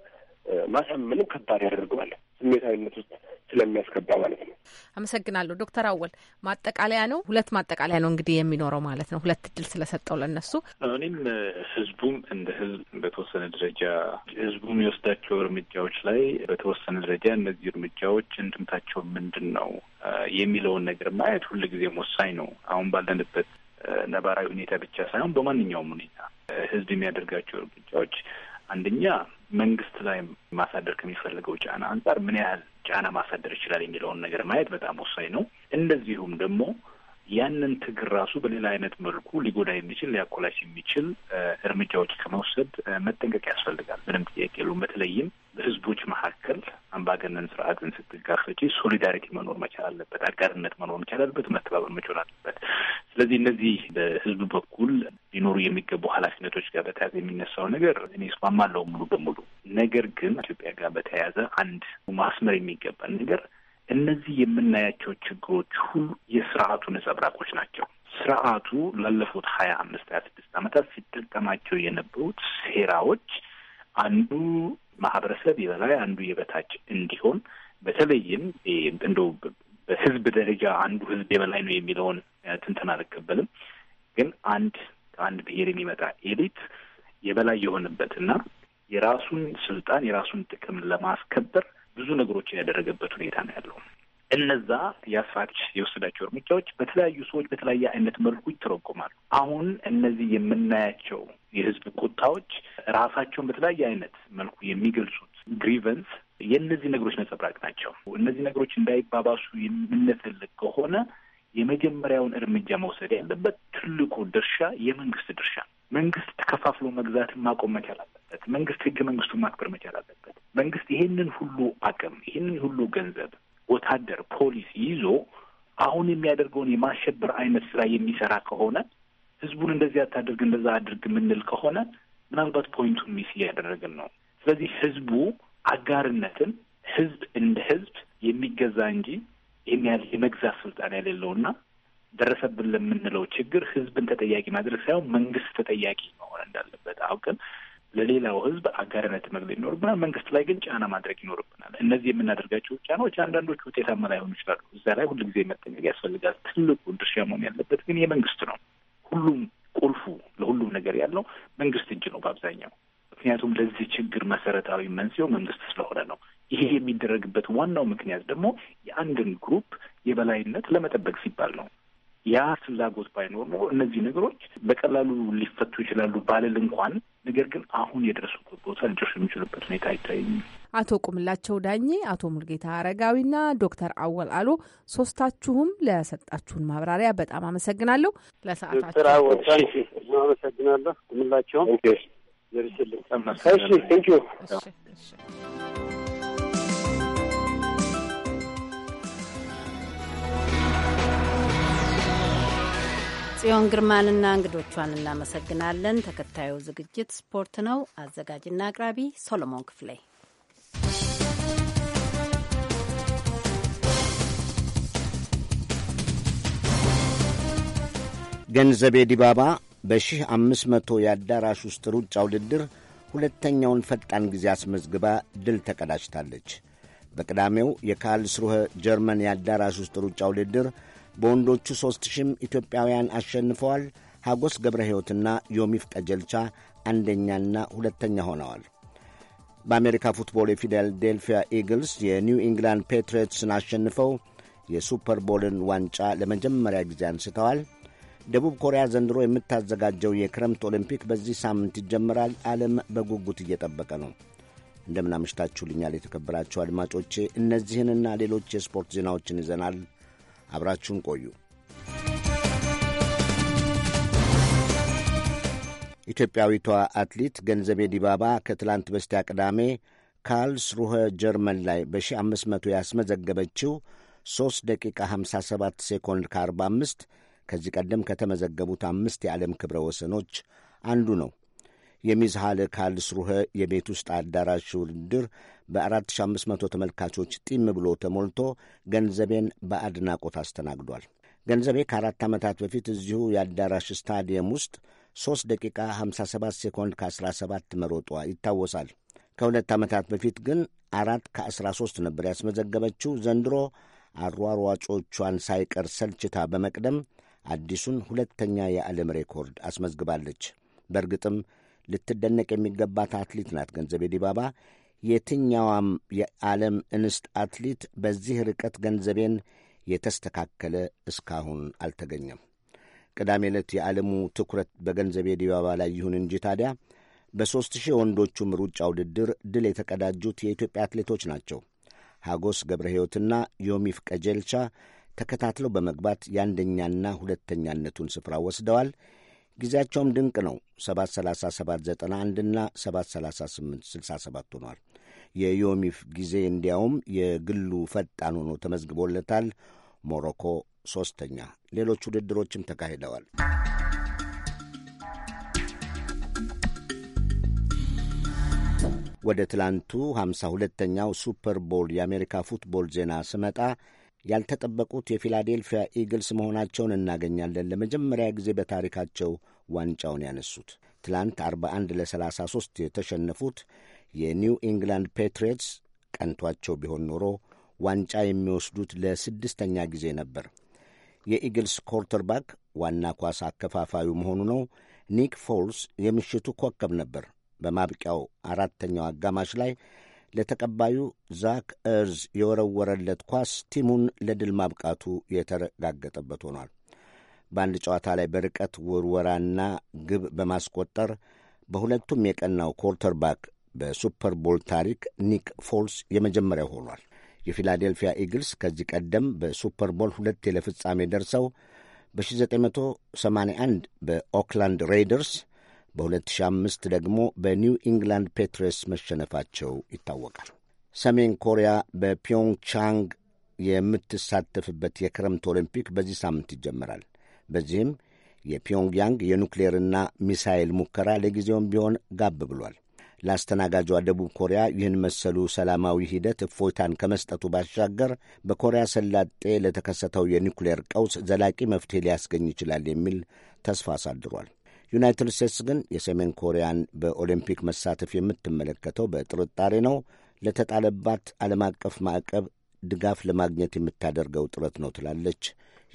ማሳመንም ከባድ ያደርገዋል። ስሜታዊነት ውስጥ ስለሚያስገባ ማለት ነው። አመሰግናለሁ ዶክተር አወል ማጠቃለያ ነው ሁለት ማጠቃለያ ነው እንግዲህ የሚኖረው ማለት ነው። ሁለት እድል ስለሰጠው ለነሱ እኔም ህዝቡም እንደ ህዝብ በተወሰነ ደረጃ ህዝቡ የሚወስዳቸው እርምጃዎች ላይ በተወሰነ ደረጃ እነዚህ እርምጃዎች እንድምታቸው ምንድን ነው የሚለውን ነገር ማየት ሁልጊዜም ወሳኝ ነው። አሁን ባለንበት ነባራዊ ሁኔታ ብቻ ሳይሆን በማንኛውም ሁኔታ ህዝብ የሚያደርጋቸው እርምጃዎች አንደኛ መንግስት ላይ ማሳደር ከሚፈልገው ጫና አንጻር ምን ያህል ጫና ማሳደር ይችላል የሚለውን ነገር ማየት በጣም ወሳኝ ነው። እንደዚሁም ደግሞ ያንን ትግር ራሱ በሌላ አይነት መልኩ ሊጎዳ የሚችል ሊያኮላሽ የሚችል እርምጃዎች ከመውሰድ መጠንቀቅ ያስፈልጋል። ምንም ጥያቄ የለውም። በተለይም በህዝቦች መካከል አምባገነን ስርዓትን ስትጋፈጪ ሶሊዳሪቲ መኖር መቻል አለበት፣ አጋርነት መኖር መቻል አለበት፣ መተባበር መቻል አለበት። ስለዚህ እነዚህ በህዝብ በኩል ሊኖሩ የሚገቡ ኃላፊነቶች ጋር በተያያዘ የሚነሳው ነገር እኔ እስማማለሁ ሙሉ በሙሉ። ነገር ግን ኢትዮጵያ ጋር በተያያዘ አንድ ማስመር የሚገባን ነገር እነዚህ የምናያቸው ችግሮች ሁሉ የስርዓቱ ነጸብራቆች ናቸው። ስርዓቱ ላለፉት ሀያ አምስት ሀያ ስድስት ዓመታት ሲጠቀማቸው የነበሩት ሴራዎች አንዱ ማህበረሰብ የበላይ አንዱ የበታች እንዲሆን በተለይም እንደው በህዝብ ደረጃ አንዱ ህዝብ የበላይ ነው የሚለውን ትንተን አልቀበልም። ግን አንድ ከአንድ ብሔር የሚመጣ ኤሊት የበላይ የሆነበትና የራሱን ስልጣን የራሱን ጥቅም ለማስከበር ብዙ ነገሮችን ያደረገበት ሁኔታ ነው ያለው። እነዛ የአስራች የወሰዳቸው እርምጃዎች በተለያዩ ሰዎች በተለያየ አይነት መልኩ ይተረጎማሉ። አሁን እነዚህ የምናያቸው የህዝብ ቁጣዎች ራሳቸውን በተለያየ አይነት መልኩ የሚገልጹት ግሪቨንስ የእነዚህ ነገሮች ነጸብራቅ ናቸው። እነዚህ ነገሮች እንዳይባባሱ የምንፈልግ ከሆነ የመጀመሪያውን እርምጃ መውሰድ ያለበት ትልቁ ድርሻ የመንግስት ድርሻ መንግስት ተከፋፍሎ መግዛትን ማቆም መቻል አለበት። መንግስት ህገ መንግስቱን ማክበር መቻል አለበት። መንግስት ይሄንን ሁሉ አቅም ይሄንን ሁሉ ገንዘብ፣ ወታደር፣ ፖሊስ ይዞ አሁን የሚያደርገውን የማሸበር አይነት ስራ የሚሰራ ከሆነ ህዝቡን እንደዚህ አታድርግ እንደዛ አድርግ የምንል ከሆነ ምናልባት ፖይንቱን ሚስ እያደረግን ነው። ስለዚህ ህዝቡ አጋርነትን ህዝብ እንደ ህዝብ የሚገዛ እንጂ የመግዛት ስልጣን የሌለውና ደረሰብን ለምንለው ችግር ህዝብን ተጠያቂ ማድረግ ሳይሆን መንግስት ተጠያቂ መሆን እንዳለበት አውቅን ለሌላው ህዝብ አጋርነት መግለጽ ይኖርብናል። መንግስት ላይ ግን ጫና ማድረግ ይኖርብናል። እነዚህ የምናደርጋቸው ጫናዎች አንዳንዶቹ ውጤታማ ላይሆኑ ይችላሉ። እዛ ላይ ጊዜ መጠንቀቅ ያስፈልጋል። ትልቁ ድርሻ መሆን ያለበት ግን የመንግስት ነው። ሁሉም ቁልፉ ለሁሉም ነገር ያለው መንግስት እጅ ነው በአብዛኛው። ምክንያቱም ለዚህ ችግር መሰረታዊ መንስኤው መንግስት ስለሆነ ነው። ይሄ የሚደረግበት ዋናው ምክንያት ደግሞ የአንድን ግሩፕ የበላይነት ለመጠበቅ ሲባል ነው። ያ ፍላጎት ባይኖር ኖሮ እነዚህ ነገሮች በቀላሉ ሊፈቱ ይችላሉ ባልል እንኳን፣ ነገር ግን አሁን የደረሱበት ቦታ ሊደርሱ የሚችሉበት ሁኔታ አይታይም። አቶ ቁምላቸው ዳኜ፣ አቶ ሙልጌታ አረጋዊ ና ዶክተር አወል አሎ ሶስታችሁም ለሰጣችሁን ማብራሪያ በጣም አመሰግናለሁ። ለሰዓታችሁ አመሰግናለሁ። ቁምላቸውም ደርስልኝ። ጽዮን ግርማንና እንግዶቿን እናመሰግናለን። ተከታዩ ዝግጅት ስፖርት ነው። አዘጋጅና አቅራቢ ሶሎሞን ክፍሌ። ገንዘቤ ዲባባ በሺህ አምስት የአዳራሽ ውስጥ ሩጫ ውድድር ሁለተኛውን ፈጣን ጊዜ አስመዝግባ ድል ተቀዳጅታለች። በቅዳሜው የካርልስሩኸ ጀርመን የአዳራሽ ውስጥ ሩጫ ውድድር በወንዶቹ ሦስት ሺህም ኢትዮጵያውያን አሸንፈዋል። ሐጎስ ገብረ ሕይወትና ዮሚፍ ቀጀልቻ አንደኛና ሁለተኛ ሆነዋል። በአሜሪካ ፉትቦል የፊላዴልፊያ ኢግልስ የኒው ኢንግላንድ ፔትሪዮትስን አሸንፈው የሱፐር ቦልን ዋንጫ ለመጀመሪያ ጊዜ አንስተዋል። ደቡብ ኮሪያ ዘንድሮ የምታዘጋጀው የክረምት ኦሊምፒክ በዚህ ሳምንት ይጀምራል። ዓለም በጉጉት እየጠበቀ ነው። ልኛል የተከበራችሁ አድማጮቼ። እነዚህንና ሌሎች የስፖርት ዜናዎችን ይዘናል። አብራችሁን ቆዩ። ኢትዮጵያዊቷ አትሌት ገንዘቤ ዲባባ ከትላንት በስቲያ ቅዳሜ ሩኸ ጀርመን ላይ በ1500 ያስመዘገበችው 3 ደቂቃ 57 ሴኮንድ ከ45 ከዚህ ቀደም ከተመዘገቡት አምስት የዓለም ክብረ ወሰኖች አንዱ ነው። የሚዝሃል ሩኸ የቤት ውስጥ አዳራሽ ውድድር በ4500 ተመልካቾች ጢም ብሎ ተሞልቶ ገንዘቤን በአድናቆት አስተናግዷል። ገንዘቤ ከአራት ዓመታት በፊት እዚሁ የአዳራሽ ስታዲየም ውስጥ 3 ደቂቃ 57 ሴኮንድ ከ17 መሮጧ ይታወሳል። ከሁለት ዓመታት በፊት ግን አራት ከ13 ነበር ያስመዘገበችው። ዘንድሮ አሯሯጮቿን ሳይቀር ሰልችታ በመቅደም አዲሱን ሁለተኛ የዓለም ሬኮርድ አስመዝግባለች። በእርግጥም ልትደነቅ የሚገባት አትሌት ናት ገንዘቤ ዲባባ። የትኛዋም የዓለም እንስት አትሌት በዚህ ርቀት ገንዘቤን የተስተካከለ እስካሁን አልተገኘም። ቅዳሜ ዕለት የዓለሙ ትኩረት በገንዘቤ ዲባባ ላይ ይሁን እንጂ ታዲያ በሦስት ሺህ ወንዶቹም ሩጫ ውድድር ድል የተቀዳጁት የኢትዮጵያ አትሌቶች ናቸው። ሐጎስ ገብረ ሕይወትና ዮሚፍ ቀጀልቻ ተከታትለው በመግባት የአንደኛና ሁለተኛነቱን ስፍራ ወስደዋል። ጊዜያቸውም ድንቅ ነው። 73791ና 73867 ሆኗል። የዮሚፍ ጊዜ እንዲያውም የግሉ ፈጣን ሆኖ ተመዝግቦለታል። ሞሮኮ ሦስተኛ። ሌሎች ውድድሮችም ተካሂደዋል። ወደ ትላንቱ 52ተኛው ሱፐር ቦል የአሜሪካ ፉትቦል ዜና ስመጣ ያልተጠበቁት የፊላዴልፊያ ኢግልስ መሆናቸውን እናገኛለን። ለመጀመሪያ ጊዜ በታሪካቸው ዋንጫውን ያነሱት። ትላንት 41 ለ33 የተሸነፉት የኒው ኢንግላንድ ፔትሪዮትስ ቀንቷቸው ቢሆን ኖሮ ዋንጫ የሚወስዱት ለስድስተኛ ጊዜ ነበር። የኢግልስ ኮርተርባክ ዋና ኳስ አከፋፋዩ መሆኑ ነው። ኒክ ፎልስ የምሽቱ ኮከብ ነበር። በማብቂያው አራተኛው አጋማሽ ላይ ለተቀባዩ ዛክ እርዝ የወረወረለት ኳስ ቲሙን ለድል ማብቃቱ የተረጋገጠበት ሆኗል። በአንድ ጨዋታ ላይ በርቀት ውርወራና ግብ በማስቆጠር በሁለቱም የቀናው ኮርተርባክ በሱፐር ቦል ታሪክ ኒክ ፎልስ የመጀመሪያው ሆኗል። የፊላዴልፊያ ኢግልስ ከዚህ ቀደም በሱፐር ቦል ሁለቴ ለፍጻሜ ደርሰው በ1981 በኦክላንድ ሬይደርስ በ2005 ደግሞ በኒው ኢንግላንድ ፔትሬስ መሸነፋቸው ይታወቃል። ሰሜን ኮሪያ በፒዮንግቻንግ የምትሳተፍበት የክረምት ኦሊምፒክ በዚህ ሳምንት ይጀመራል። በዚህም የፒዮንግያንግ የኑክሌርና ሚሳይል ሙከራ ለጊዜውም ቢሆን ጋብ ብሏል። ለአስተናጋጇ ደቡብ ኮሪያ ይህን መሰሉ ሰላማዊ ሂደት እፎይታን ከመስጠቱ ባሻገር በኮሪያ ሰላጤ ለተከሰተው የኒኩሌር ቀውስ ዘላቂ መፍትሄ ሊያስገኝ ይችላል የሚል ተስፋ አሳድሯል። ዩናይትድ ስቴትስ ግን የሰሜን ኮሪያን በኦሊምፒክ መሳተፍ የምትመለከተው በጥርጣሬ ነው። ለተጣለባት ዓለም አቀፍ ማዕቀብ ድጋፍ ለማግኘት የምታደርገው ጥረት ነው ትላለች።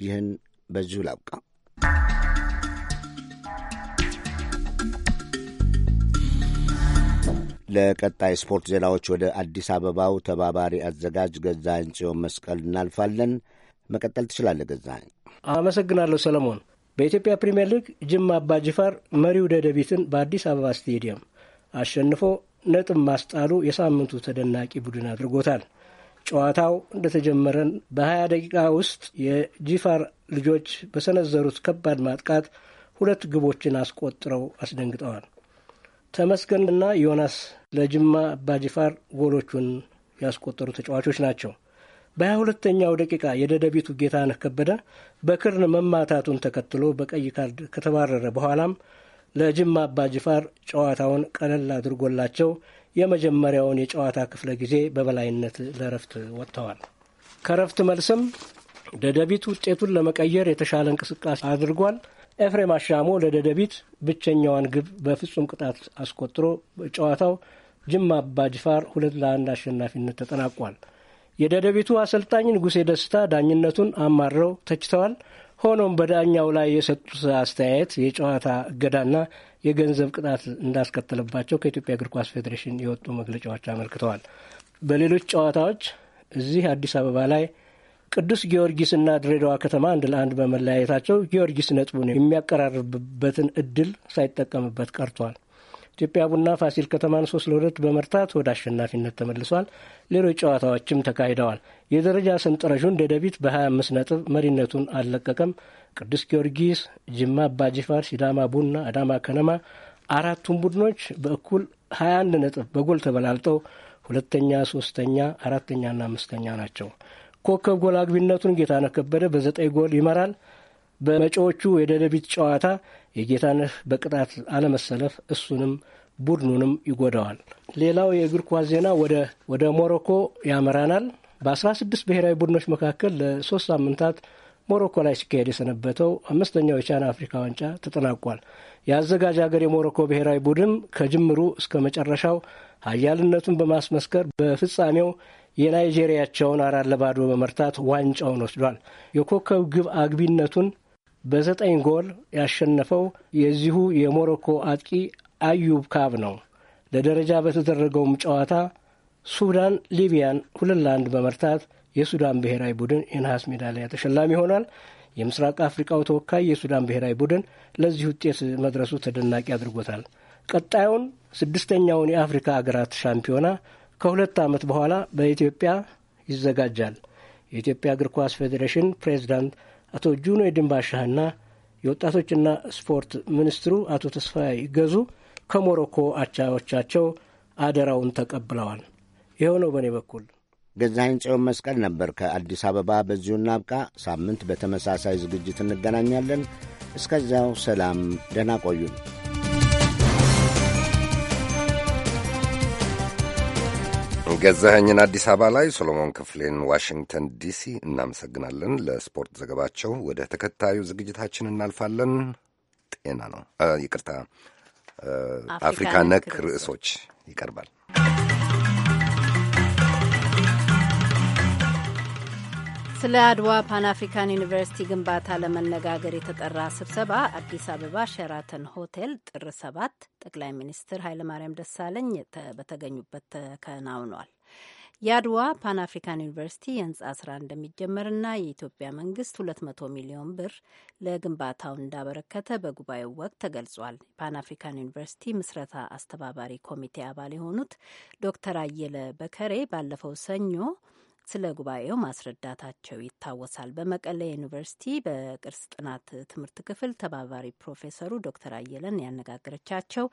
ይህን በዚሁ ላብቃ። ለቀጣይ ስፖርት ዜናዎች ወደ አዲስ አበባው ተባባሪ አዘጋጅ ገዛኸኝ ጽዮን መስቀል እናልፋለን። መቀጠል ትችላለህ ገዛኸኝ። አመሰግናለሁ ሰለሞን። በኢትዮጵያ ፕሪምየር ሊግ ጅማ አባ ጅፋር መሪው ደደቢትን በአዲስ አበባ ስቴዲየም አሸንፎ ነጥብ ማስጣሉ የሳምንቱ ተደናቂ ቡድን አድርጎታል። ጨዋታው እንደተጀመረን በ20 ደቂቃ ውስጥ የጂፋር ልጆች በሰነዘሩት ከባድ ማጥቃት ሁለት ግቦችን አስቆጥረው አስደንግጠዋል። ተመስገንና ዮናስ ለጅማ አባጂፋር ጎሎቹን ያስቆጠሩ ተጫዋቾች ናቸው። በሀያ ሁለተኛው ደቂቃ የደደቢቱ ጌታነህ ከበደ በክርን መማታቱን ተከትሎ በቀይ ካርድ ከተባረረ በኋላም ለጅማ አባጅፋር ጨዋታውን ቀለል አድርጎላቸው የመጀመሪያውን የጨዋታ ክፍለ ጊዜ በበላይነት ለረፍት ወጥተዋል። ከረፍት መልስም ደደቢት ውጤቱን ለመቀየር የተሻለ እንቅስቃሴ አድርጓል። ኤፍሬም አሻሞ ለደደቢት ብቸኛዋን ግብ በፍጹም ቅጣት አስቆጥሮ ጨዋታው ጅማ አባ ጅፋር ሁለት ለአንድ አሸናፊነት ተጠናቋል። የደደቢቱ አሰልጣኝ ንጉሴ ደስታ ዳኝነቱን አማረው ተችተዋል። ሆኖም በዳኛው ላይ የሰጡት አስተያየት የጨዋታ እገዳና የገንዘብ ቅጣት እንዳስከተለባቸው ከኢትዮጵያ እግር ኳስ ፌዴሬሽን የወጡ መግለጫዎች አመልክተዋል። በሌሎች ጨዋታዎች እዚህ አዲስ አበባ ላይ ቅዱስ ጊዮርጊስና ድሬዳዋ ከተማ አንድ ለአንድ በመለያየታቸው ጊዮርጊስ ነጥቡን የሚያቀራርብበትን እድል ሳይጠቀምበት ቀርቷል። ኢትዮጵያ ቡና ፋሲል ከተማን ሶስት ለሁለት በመርታት ወደ አሸናፊነት ተመልሷል። ሌሎች ጨዋታዎችም ተካሂደዋል። የደረጃ ሰንጠረዡን ደደቢት በ25 ነጥብ መሪነቱን አልለቀቀም። ቅዱስ ጊዮርጊስ፣ ጅማ አባጅፋር፣ ሲዳማ ቡና፣ አዳማ ከነማ አራቱም ቡድኖች በእኩል ሀያ አንድ ነጥብ በጎል ተበላልጠው ሁለተኛ፣ ሶስተኛ፣ አራተኛና አምስተኛ ናቸው። ኮከብ ጎል አግቢነቱን ጌታነህ ከበደ በዘጠኝ ጎል ይመራል። በመጪዎቹ የደደቢት ጨዋታ የጌታነህ በቅጣት አለመሰለፍ እሱንም ቡድኑንም ይጎዳዋል። ሌላው የእግር ኳስ ዜና ወደ ሞሮኮ ያመራናል። በአስራ ስድስት ብሔራዊ ቡድኖች መካከል ለሶስት ሳምንታት ሞሮኮ ላይ ሲካሄድ የሰነበተው አምስተኛው የቻን አፍሪካ ዋንጫ ተጠናቋል። የአዘጋጅ ሀገር የሞሮኮ ብሔራዊ ቡድን ከጅምሩ እስከ መጨረሻው ኃያልነቱን በማስመስከር በፍጻሜው የናይጄሪያቸውን አራት ለባዶ በመርታት ዋንጫውን ወስዷል። የኮከብ ግብ አግቢነቱን በዘጠኝ ጎል ያሸነፈው የዚሁ የሞሮኮ አጥቂ አዩብ ካብ ነው። ለደረጃ በተደረገውም ጨዋታ ሱዳን ሊቢያን ሁለት ለአንድ በመርታት የሱዳን ብሔራዊ ቡድን የነሐስ ሜዳሊያ ተሸላሚ ሆኗል። የምስራቅ አፍሪካው ተወካይ የሱዳን ብሔራዊ ቡድን ለዚህ ውጤት መድረሱ ተደናቂ አድርጎታል። ቀጣዩን ስድስተኛውን የአፍሪካ አገራት ሻምፒዮና ከሁለት ዓመት በኋላ በኢትዮጵያ ይዘጋጃል። የኢትዮጵያ እግር ኳስ ፌዴሬሽን ፕሬዚዳንት አቶ ጁኖ ድንባሻህና የወጣቶችና ስፖርት ሚኒስትሩ አቶ ተስፋዬ ገዙ ከሞሮኮ አቻዎቻቸው አደራውን ተቀብለዋል። ይኸው ነው በእኔ በኩል። ገዛኸኝ ጽዮን መስቀል ነበር ከአዲስ አበባ። በዚሁ እናብቃ። ሳምንት በተመሳሳይ ዝግጅት እንገናኛለን። እስከዚያው ሰላም፣ ደህና ቆዩን። ገዛኸኝን አዲስ አበባ ላይ፣ ሶሎሞን ክፍሌን ዋሽንግተን ዲሲ እናመሰግናለን ለስፖርት ዘገባቸው። ወደ ተከታዩ ዝግጅታችን እናልፋለን። ጤና ነው፣ ይቅርታ፣ አፍሪካ ነክ ርዕሶች ይቀርባል። ስለ አድዋ ፓን አፍሪካን ዩኒቨርሲቲ ግንባታ ለመነጋገር የተጠራ ስብሰባ አዲስ አበባ ሸራተን ሆቴል ጥር ሰባት ጠቅላይ ሚኒስትር ኃይለማርያም ደሳለኝ በተገኙበት ተከናውኗል። የአድዋ ፓን አፍሪካን ዩኒቨርሲቲ የህንፃ ስራ እንደሚጀመርና የኢትዮጵያ መንግስት 200 ሚሊዮን ብር ለግንባታው እንዳበረከተ በጉባኤው ወቅት ተገልጿል። ፓን አፍሪካን ዩኒቨርሲቲ ምስረታ አስተባባሪ ኮሚቴ አባል የሆኑት ዶክተር አየለ በከሬ ባለፈው ሰኞ ስለ ጉባኤው ማስረዳታቸው ይታወሳል። በመቀለ ዩኒቨርሲቲ በቅርስ ጥናት ትምህርት ክፍል ተባባሪ ፕሮፌሰሩ ዶክተር አየለን ያነጋገረቻቸው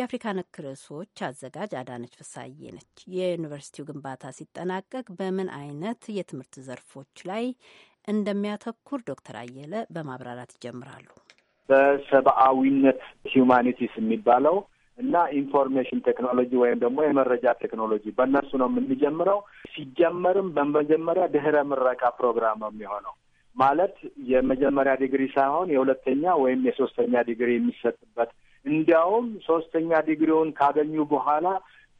የአፍሪካ ነክ ርዕሶች አዘጋጅ አዳነች ፍሳዬ ነች። የዩኒቨርሲቲው ግንባታ ሲጠናቀቅ በምን አይነት የትምህርት ዘርፎች ላይ እንደሚያተኩር ዶክተር አየለ በማብራራት ይጀምራሉ። በሰብአዊነት ሂዩማኒቲስ የሚባለው እና ኢንፎርሜሽን ቴክኖሎጂ ወይም ደግሞ የመረጃ ቴክኖሎጂ በእነሱ ነው የምንጀምረው። ሲጀመርም በመጀመሪያ ድህረ ምረቃ ፕሮግራም ነው የሚሆነው። ማለት የመጀመሪያ ዲግሪ ሳይሆን የሁለተኛ ወይም የሶስተኛ ዲግሪ የሚሰጥበት እንዲያውም ሶስተኛ ዲግሪውን ካገኙ በኋላ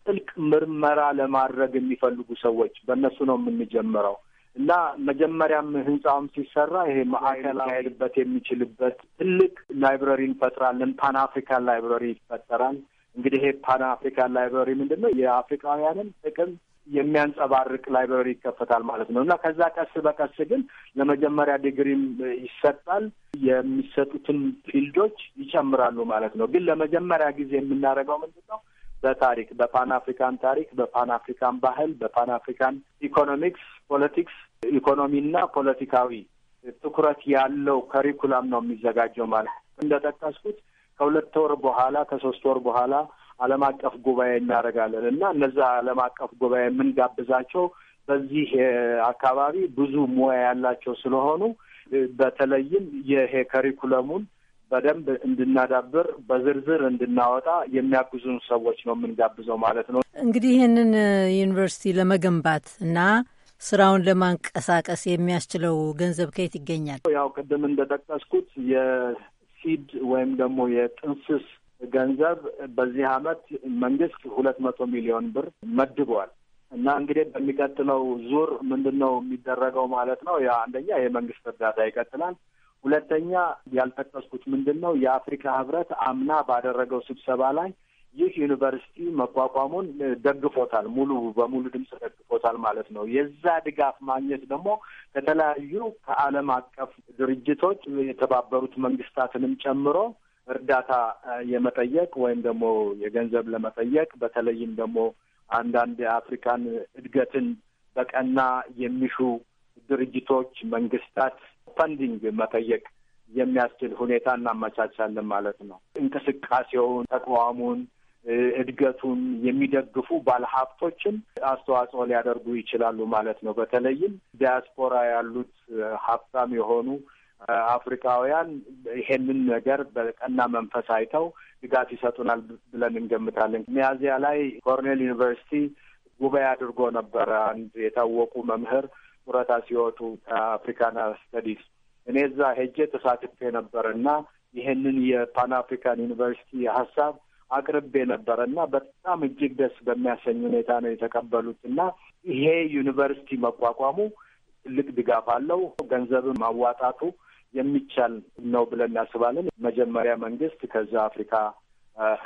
ጥልቅ ምርመራ ለማድረግ የሚፈልጉ ሰዎች በእነሱ ነው የምንጀምረው። እና መጀመሪያም ህንፃውም ሲሰራ ይሄ ማዕከል ሊካሄድበት የሚችልበት ትልቅ ላይብረሪ እንፈጥራለን። ፓን አፍሪካን ላይብረሪ ይፈጠራል። እንግዲህ ይሄ ፓን አፍሪካን ላይብረሪ ምንድን ነው? የአፍሪካውያንን ጥቅም የሚያንጸባርቅ ላይብረሪ ይከፈታል ማለት ነው እና ከዛ ቀስ በቀስ ግን ለመጀመሪያ ዲግሪም ይሰጣል። የሚሰጡትን ፊልዶች ይጨምራሉ ማለት ነው። ግን ለመጀመሪያ ጊዜ የምናደርገው ምንድን ነው? በታሪክ በፓን አፍሪካን ታሪክ፣ በፓን አፍሪካን ባህል፣ በፓን አፍሪካን ኢኮኖሚክስ፣ ፖለቲክስ፣ ኢኮኖሚና ፖለቲካዊ ትኩረት ያለው ከሪኩላም ነው የሚዘጋጀው። ማለት እንደጠቀስኩት ከሁለት ወር በኋላ ከሶስት ወር በኋላ ዓለም አቀፍ ጉባኤ እናደርጋለን እና እነዛ ዓለም አቀፍ ጉባኤ የምንጋብዛቸው በዚህ አካባቢ ብዙ ሙያ ያላቸው ስለሆኑ በተለይም ይሄ ከሪኩለሙን በደንብ እንድናዳብር በዝርዝር እንድናወጣ የሚያግዙን ሰዎች ነው የምንጋብዘው ማለት ነው። እንግዲህ ይህንን ዩኒቨርሲቲ ለመገንባት እና ስራውን ለማንቀሳቀስ የሚያስችለው ገንዘብ ከየት ይገኛል? ያው ቅድም እንደጠቀስኩት የሲድ ወይም ደግሞ የጥንስስ ገንዘብ በዚህ አመት መንግስት ሁለት መቶ ሚሊዮን ብር መድቧል። እና እንግዲህ በሚቀጥለው ዙር ምንድን ነው የሚደረገው ማለት ነው። ያ አንደኛ የመንግስት እርዳታ ይቀጥላል። ሁለተኛ ያልጠቀስኩት ምንድን ነው የአፍሪካ ህብረት አምና ባደረገው ስብሰባ ላይ ይህ ዩኒቨርሲቲ መቋቋሙን ደግፎታል፣ ሙሉ በሙሉ ድምፅ ደግፎታል ማለት ነው። የዛ ድጋፍ ማግኘት ደግሞ ከተለያዩ ከዓለም አቀፍ ድርጅቶች የተባበሩት መንግስታትንም ጨምሮ እርዳታ የመጠየቅ ወይም ደግሞ የገንዘብ ለመጠየቅ በተለይም ደግሞ አንዳንድ የአፍሪካን እድገትን በቀና የሚሹ ድርጅቶች መንግስታት ፈንዲንግ መጠየቅ የሚያስችል ሁኔታ እናመቻቻለን ማለት ነው። እንቅስቃሴውን፣ ተቋሙን፣ እድገቱን የሚደግፉ ባለሀብቶችን አስተዋጽኦ ሊያደርጉ ይችላሉ ማለት ነው። በተለይም ዲያስፖራ ያሉት ሀብታም የሆኑ አፍሪካውያን ይሄንን ነገር በቀና መንፈስ አይተው ድጋፍ ይሰጡናል ብለን እንገምታለን። ሚያዚያ ላይ ኮርኔል ዩኒቨርሲቲ ጉባኤ አድርጎ ነበረ። አንድ የታወቁ መምህር ጡረታ ሲወጡ አፍሪካን ስተዲስ እኔ እዛ ሄጄ ተሳትፌ ነበር እና ይህንን የፓን አፍሪካን ዩኒቨርሲቲ ሀሳብ አቅርቤ ነበር እና በጣም እጅግ ደስ በሚያሰኝ ሁኔታ ነው የተቀበሉት እና ይሄ ዩኒቨርሲቲ መቋቋሙ ትልቅ ድጋፍ አለው። ገንዘብን ማዋጣቱ የሚቻል ነው ብለን እናስባለን። መጀመሪያ መንግስት፣ ከዛ አፍሪካ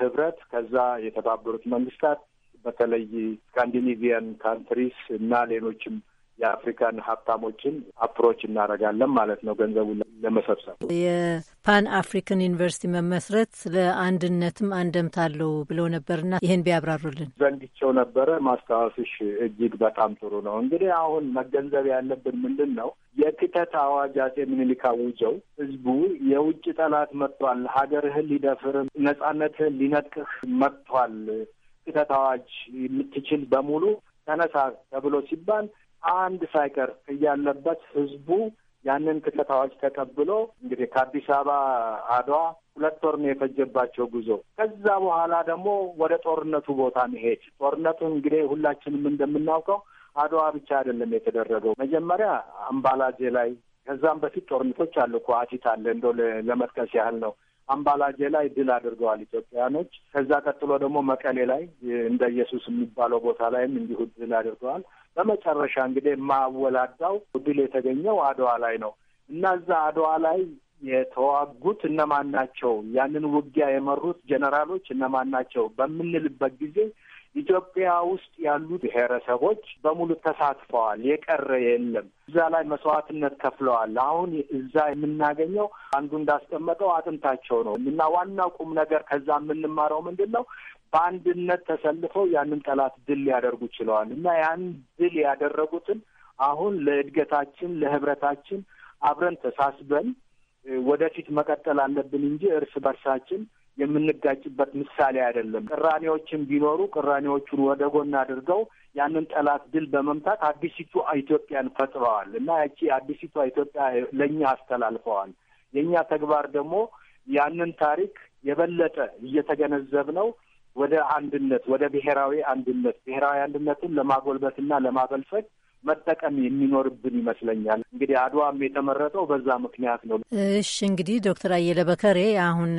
ህብረት፣ ከዛ የተባበሩት መንግስታት በተለይ ስካንዲኒቪያን ካንትሪስ እና ሌሎችም የአፍሪካን ሀብታሞችን አፕሮች እናደርጋለን ማለት ነው ገንዘቡን ለመሰብሰብ። የፓን አፍሪካን ዩኒቨርሲቲ መመስረት ለአንድነትም አንደምታ አለው ብለው ነበርና ይህን ቢያብራሩልን ዘንግቸው ነበረ። ማስታወስሽ እጅግ በጣም ጥሩ ነው። እንግዲህ አሁን መገንዘብ ያለብን ምንድን ነው የክተት አዋጅ አፄ ምኒልክ አውጀው ህዝቡ የውጭ ጠላት መጥቷል፣ ሀገርህን ሊደፍር ነጻነትህን ሊነጥቅህ መጥቷል፣ ክተት አዋጅ የምትችል በሙሉ ተነሳ ተብሎ ሲባል አንድ ሳይቀር እያለበት ህዝቡ ያንን ክተት አዋጅ ተቀብሎ እንግዲህ ከአዲስ አበባ አድዋ ሁለት ወር ነው የፈጀባቸው ጉዞ። ከዛ በኋላ ደግሞ ወደ ጦርነቱ ቦታ መሄድ። ጦርነቱ እንግዲህ ሁላችንም እንደምናውቀው አድዋ ብቻ አይደለም የተደረገው። መጀመሪያ አምባላጄ ላይ፣ ከዛም በፊት ጦርነቶች አሉ። ኳቲት አለ፣ እንደው ለመጥቀስ ያህል ነው። አምባላጄ ላይ ድል አድርገዋል ኢትዮጵያውያኖች። ከዛ ቀጥሎ ደግሞ መቀሌ ላይ እንደ ኢየሱስ የሚባለው ቦታ ላይም እንዲሁ ድል አድርገዋል። በመጨረሻ እንግዲህ የማወላዳው ድል የተገኘው አድዋ ላይ ነው እና እዛ አድዋ ላይ የተዋጉት እነማን ናቸው፣ ያንን ውጊያ የመሩት ጀነራሎች እነማን ናቸው በምንልበት ጊዜ ኢትዮጵያ ውስጥ ያሉ ብሔረሰቦች በሙሉ ተሳትፈዋል። የቀረ የለም። እዛ ላይ መስዋዕትነት ከፍለዋል። አሁን እዛ የምናገኘው አንዱ እንዳስቀመጠው አጥንታቸው ነው እና ዋናው ቁም ነገር ከዛ የምንማረው ምንድን ነው? በአንድነት ተሰልፈው ያንን ጠላት ድል ሊያደርጉ ችለዋል እና ያን ድል ያደረጉትን አሁን ለእድገታችን፣ ለህብረታችን አብረን ተሳስበን ወደፊት መቀጠል አለብን እንጂ እርስ በርሳችን የምንጋጭበት ምሳሌ አይደለም። ቅራኔዎችን ቢኖሩ ቅራኔዎቹን ወደ ጎን አድርገው ያንን ጠላት ድል በመምታት አዲሲቱ ኢትዮጵያን ፈጥረዋል እና ያቺ አዲሲቱ ኢትዮጵያ ለእኛ አስተላልፈዋል። የእኛ ተግባር ደግሞ ያንን ታሪክ የበለጠ እየተገነዘብ ነው ወደ አንድነት ወደ ብሔራዊ አንድነት ብሔራዊ አንድነትን ለማጎልበትና ለማበልጸግ መጠቀም የሚኖርብን ይመስለኛል። እንግዲህ አድዋም የተመረጠው በዛ ምክንያት ነው። እሺ እንግዲህ ዶክተር አየለ በከሬ አሁን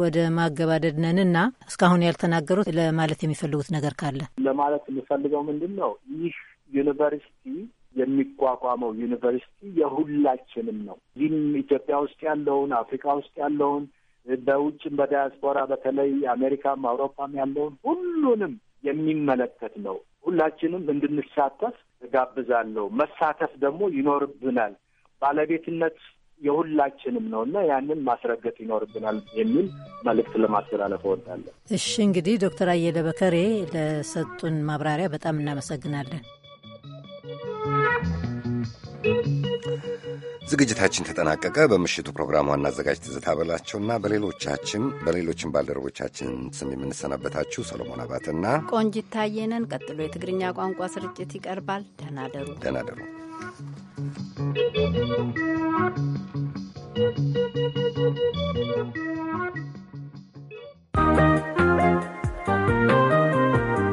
ወደ ማገባደድ ነንና እስካሁን ያልተናገሩት ለማለት የሚፈልጉት ነገር ካለ? ለማለት የምፈልገው ምንድን ነው ይህ ዩኒቨርሲቲ የሚቋቋመው ዩኒቨርሲቲ የሁላችንም ነው። ይህም ኢትዮጵያ ውስጥ ያለውን አፍሪካ ውስጥ ያለውን በውጭም በዲያስፖራ በተለይ አሜሪካም አውሮፓም ያለውን ሁሉንም የሚመለከት ነው። ሁላችንም እንድንሳተፍ እጋብዛለሁ። መሳተፍ ደግሞ ይኖርብናል። ባለቤትነት የሁላችንም ነው እና ያንን ማስረገጥ ይኖርብናል የሚል መልእክት ለማስተላለፍ እወዳለሁ። እሺ እንግዲህ ዶክተር አየለ በከሬ ለሰጡን ማብራሪያ በጣም እናመሰግናለን። ዝግጅታችን ተጠናቀቀ። በምሽቱ ፕሮግራም ዋና አዘጋጅ ትዝታ በላቸውና በሌሎቻችን በሌሎችን ባልደረቦቻችን ስም የምንሰናበታችሁ ሰሎሞን አባትና ቆንጂት ታየ ቀጥሎ የትግርኛ ቋንቋ ስርጭት ይቀርባል። ደናደሩ ደናደሩ Thank you.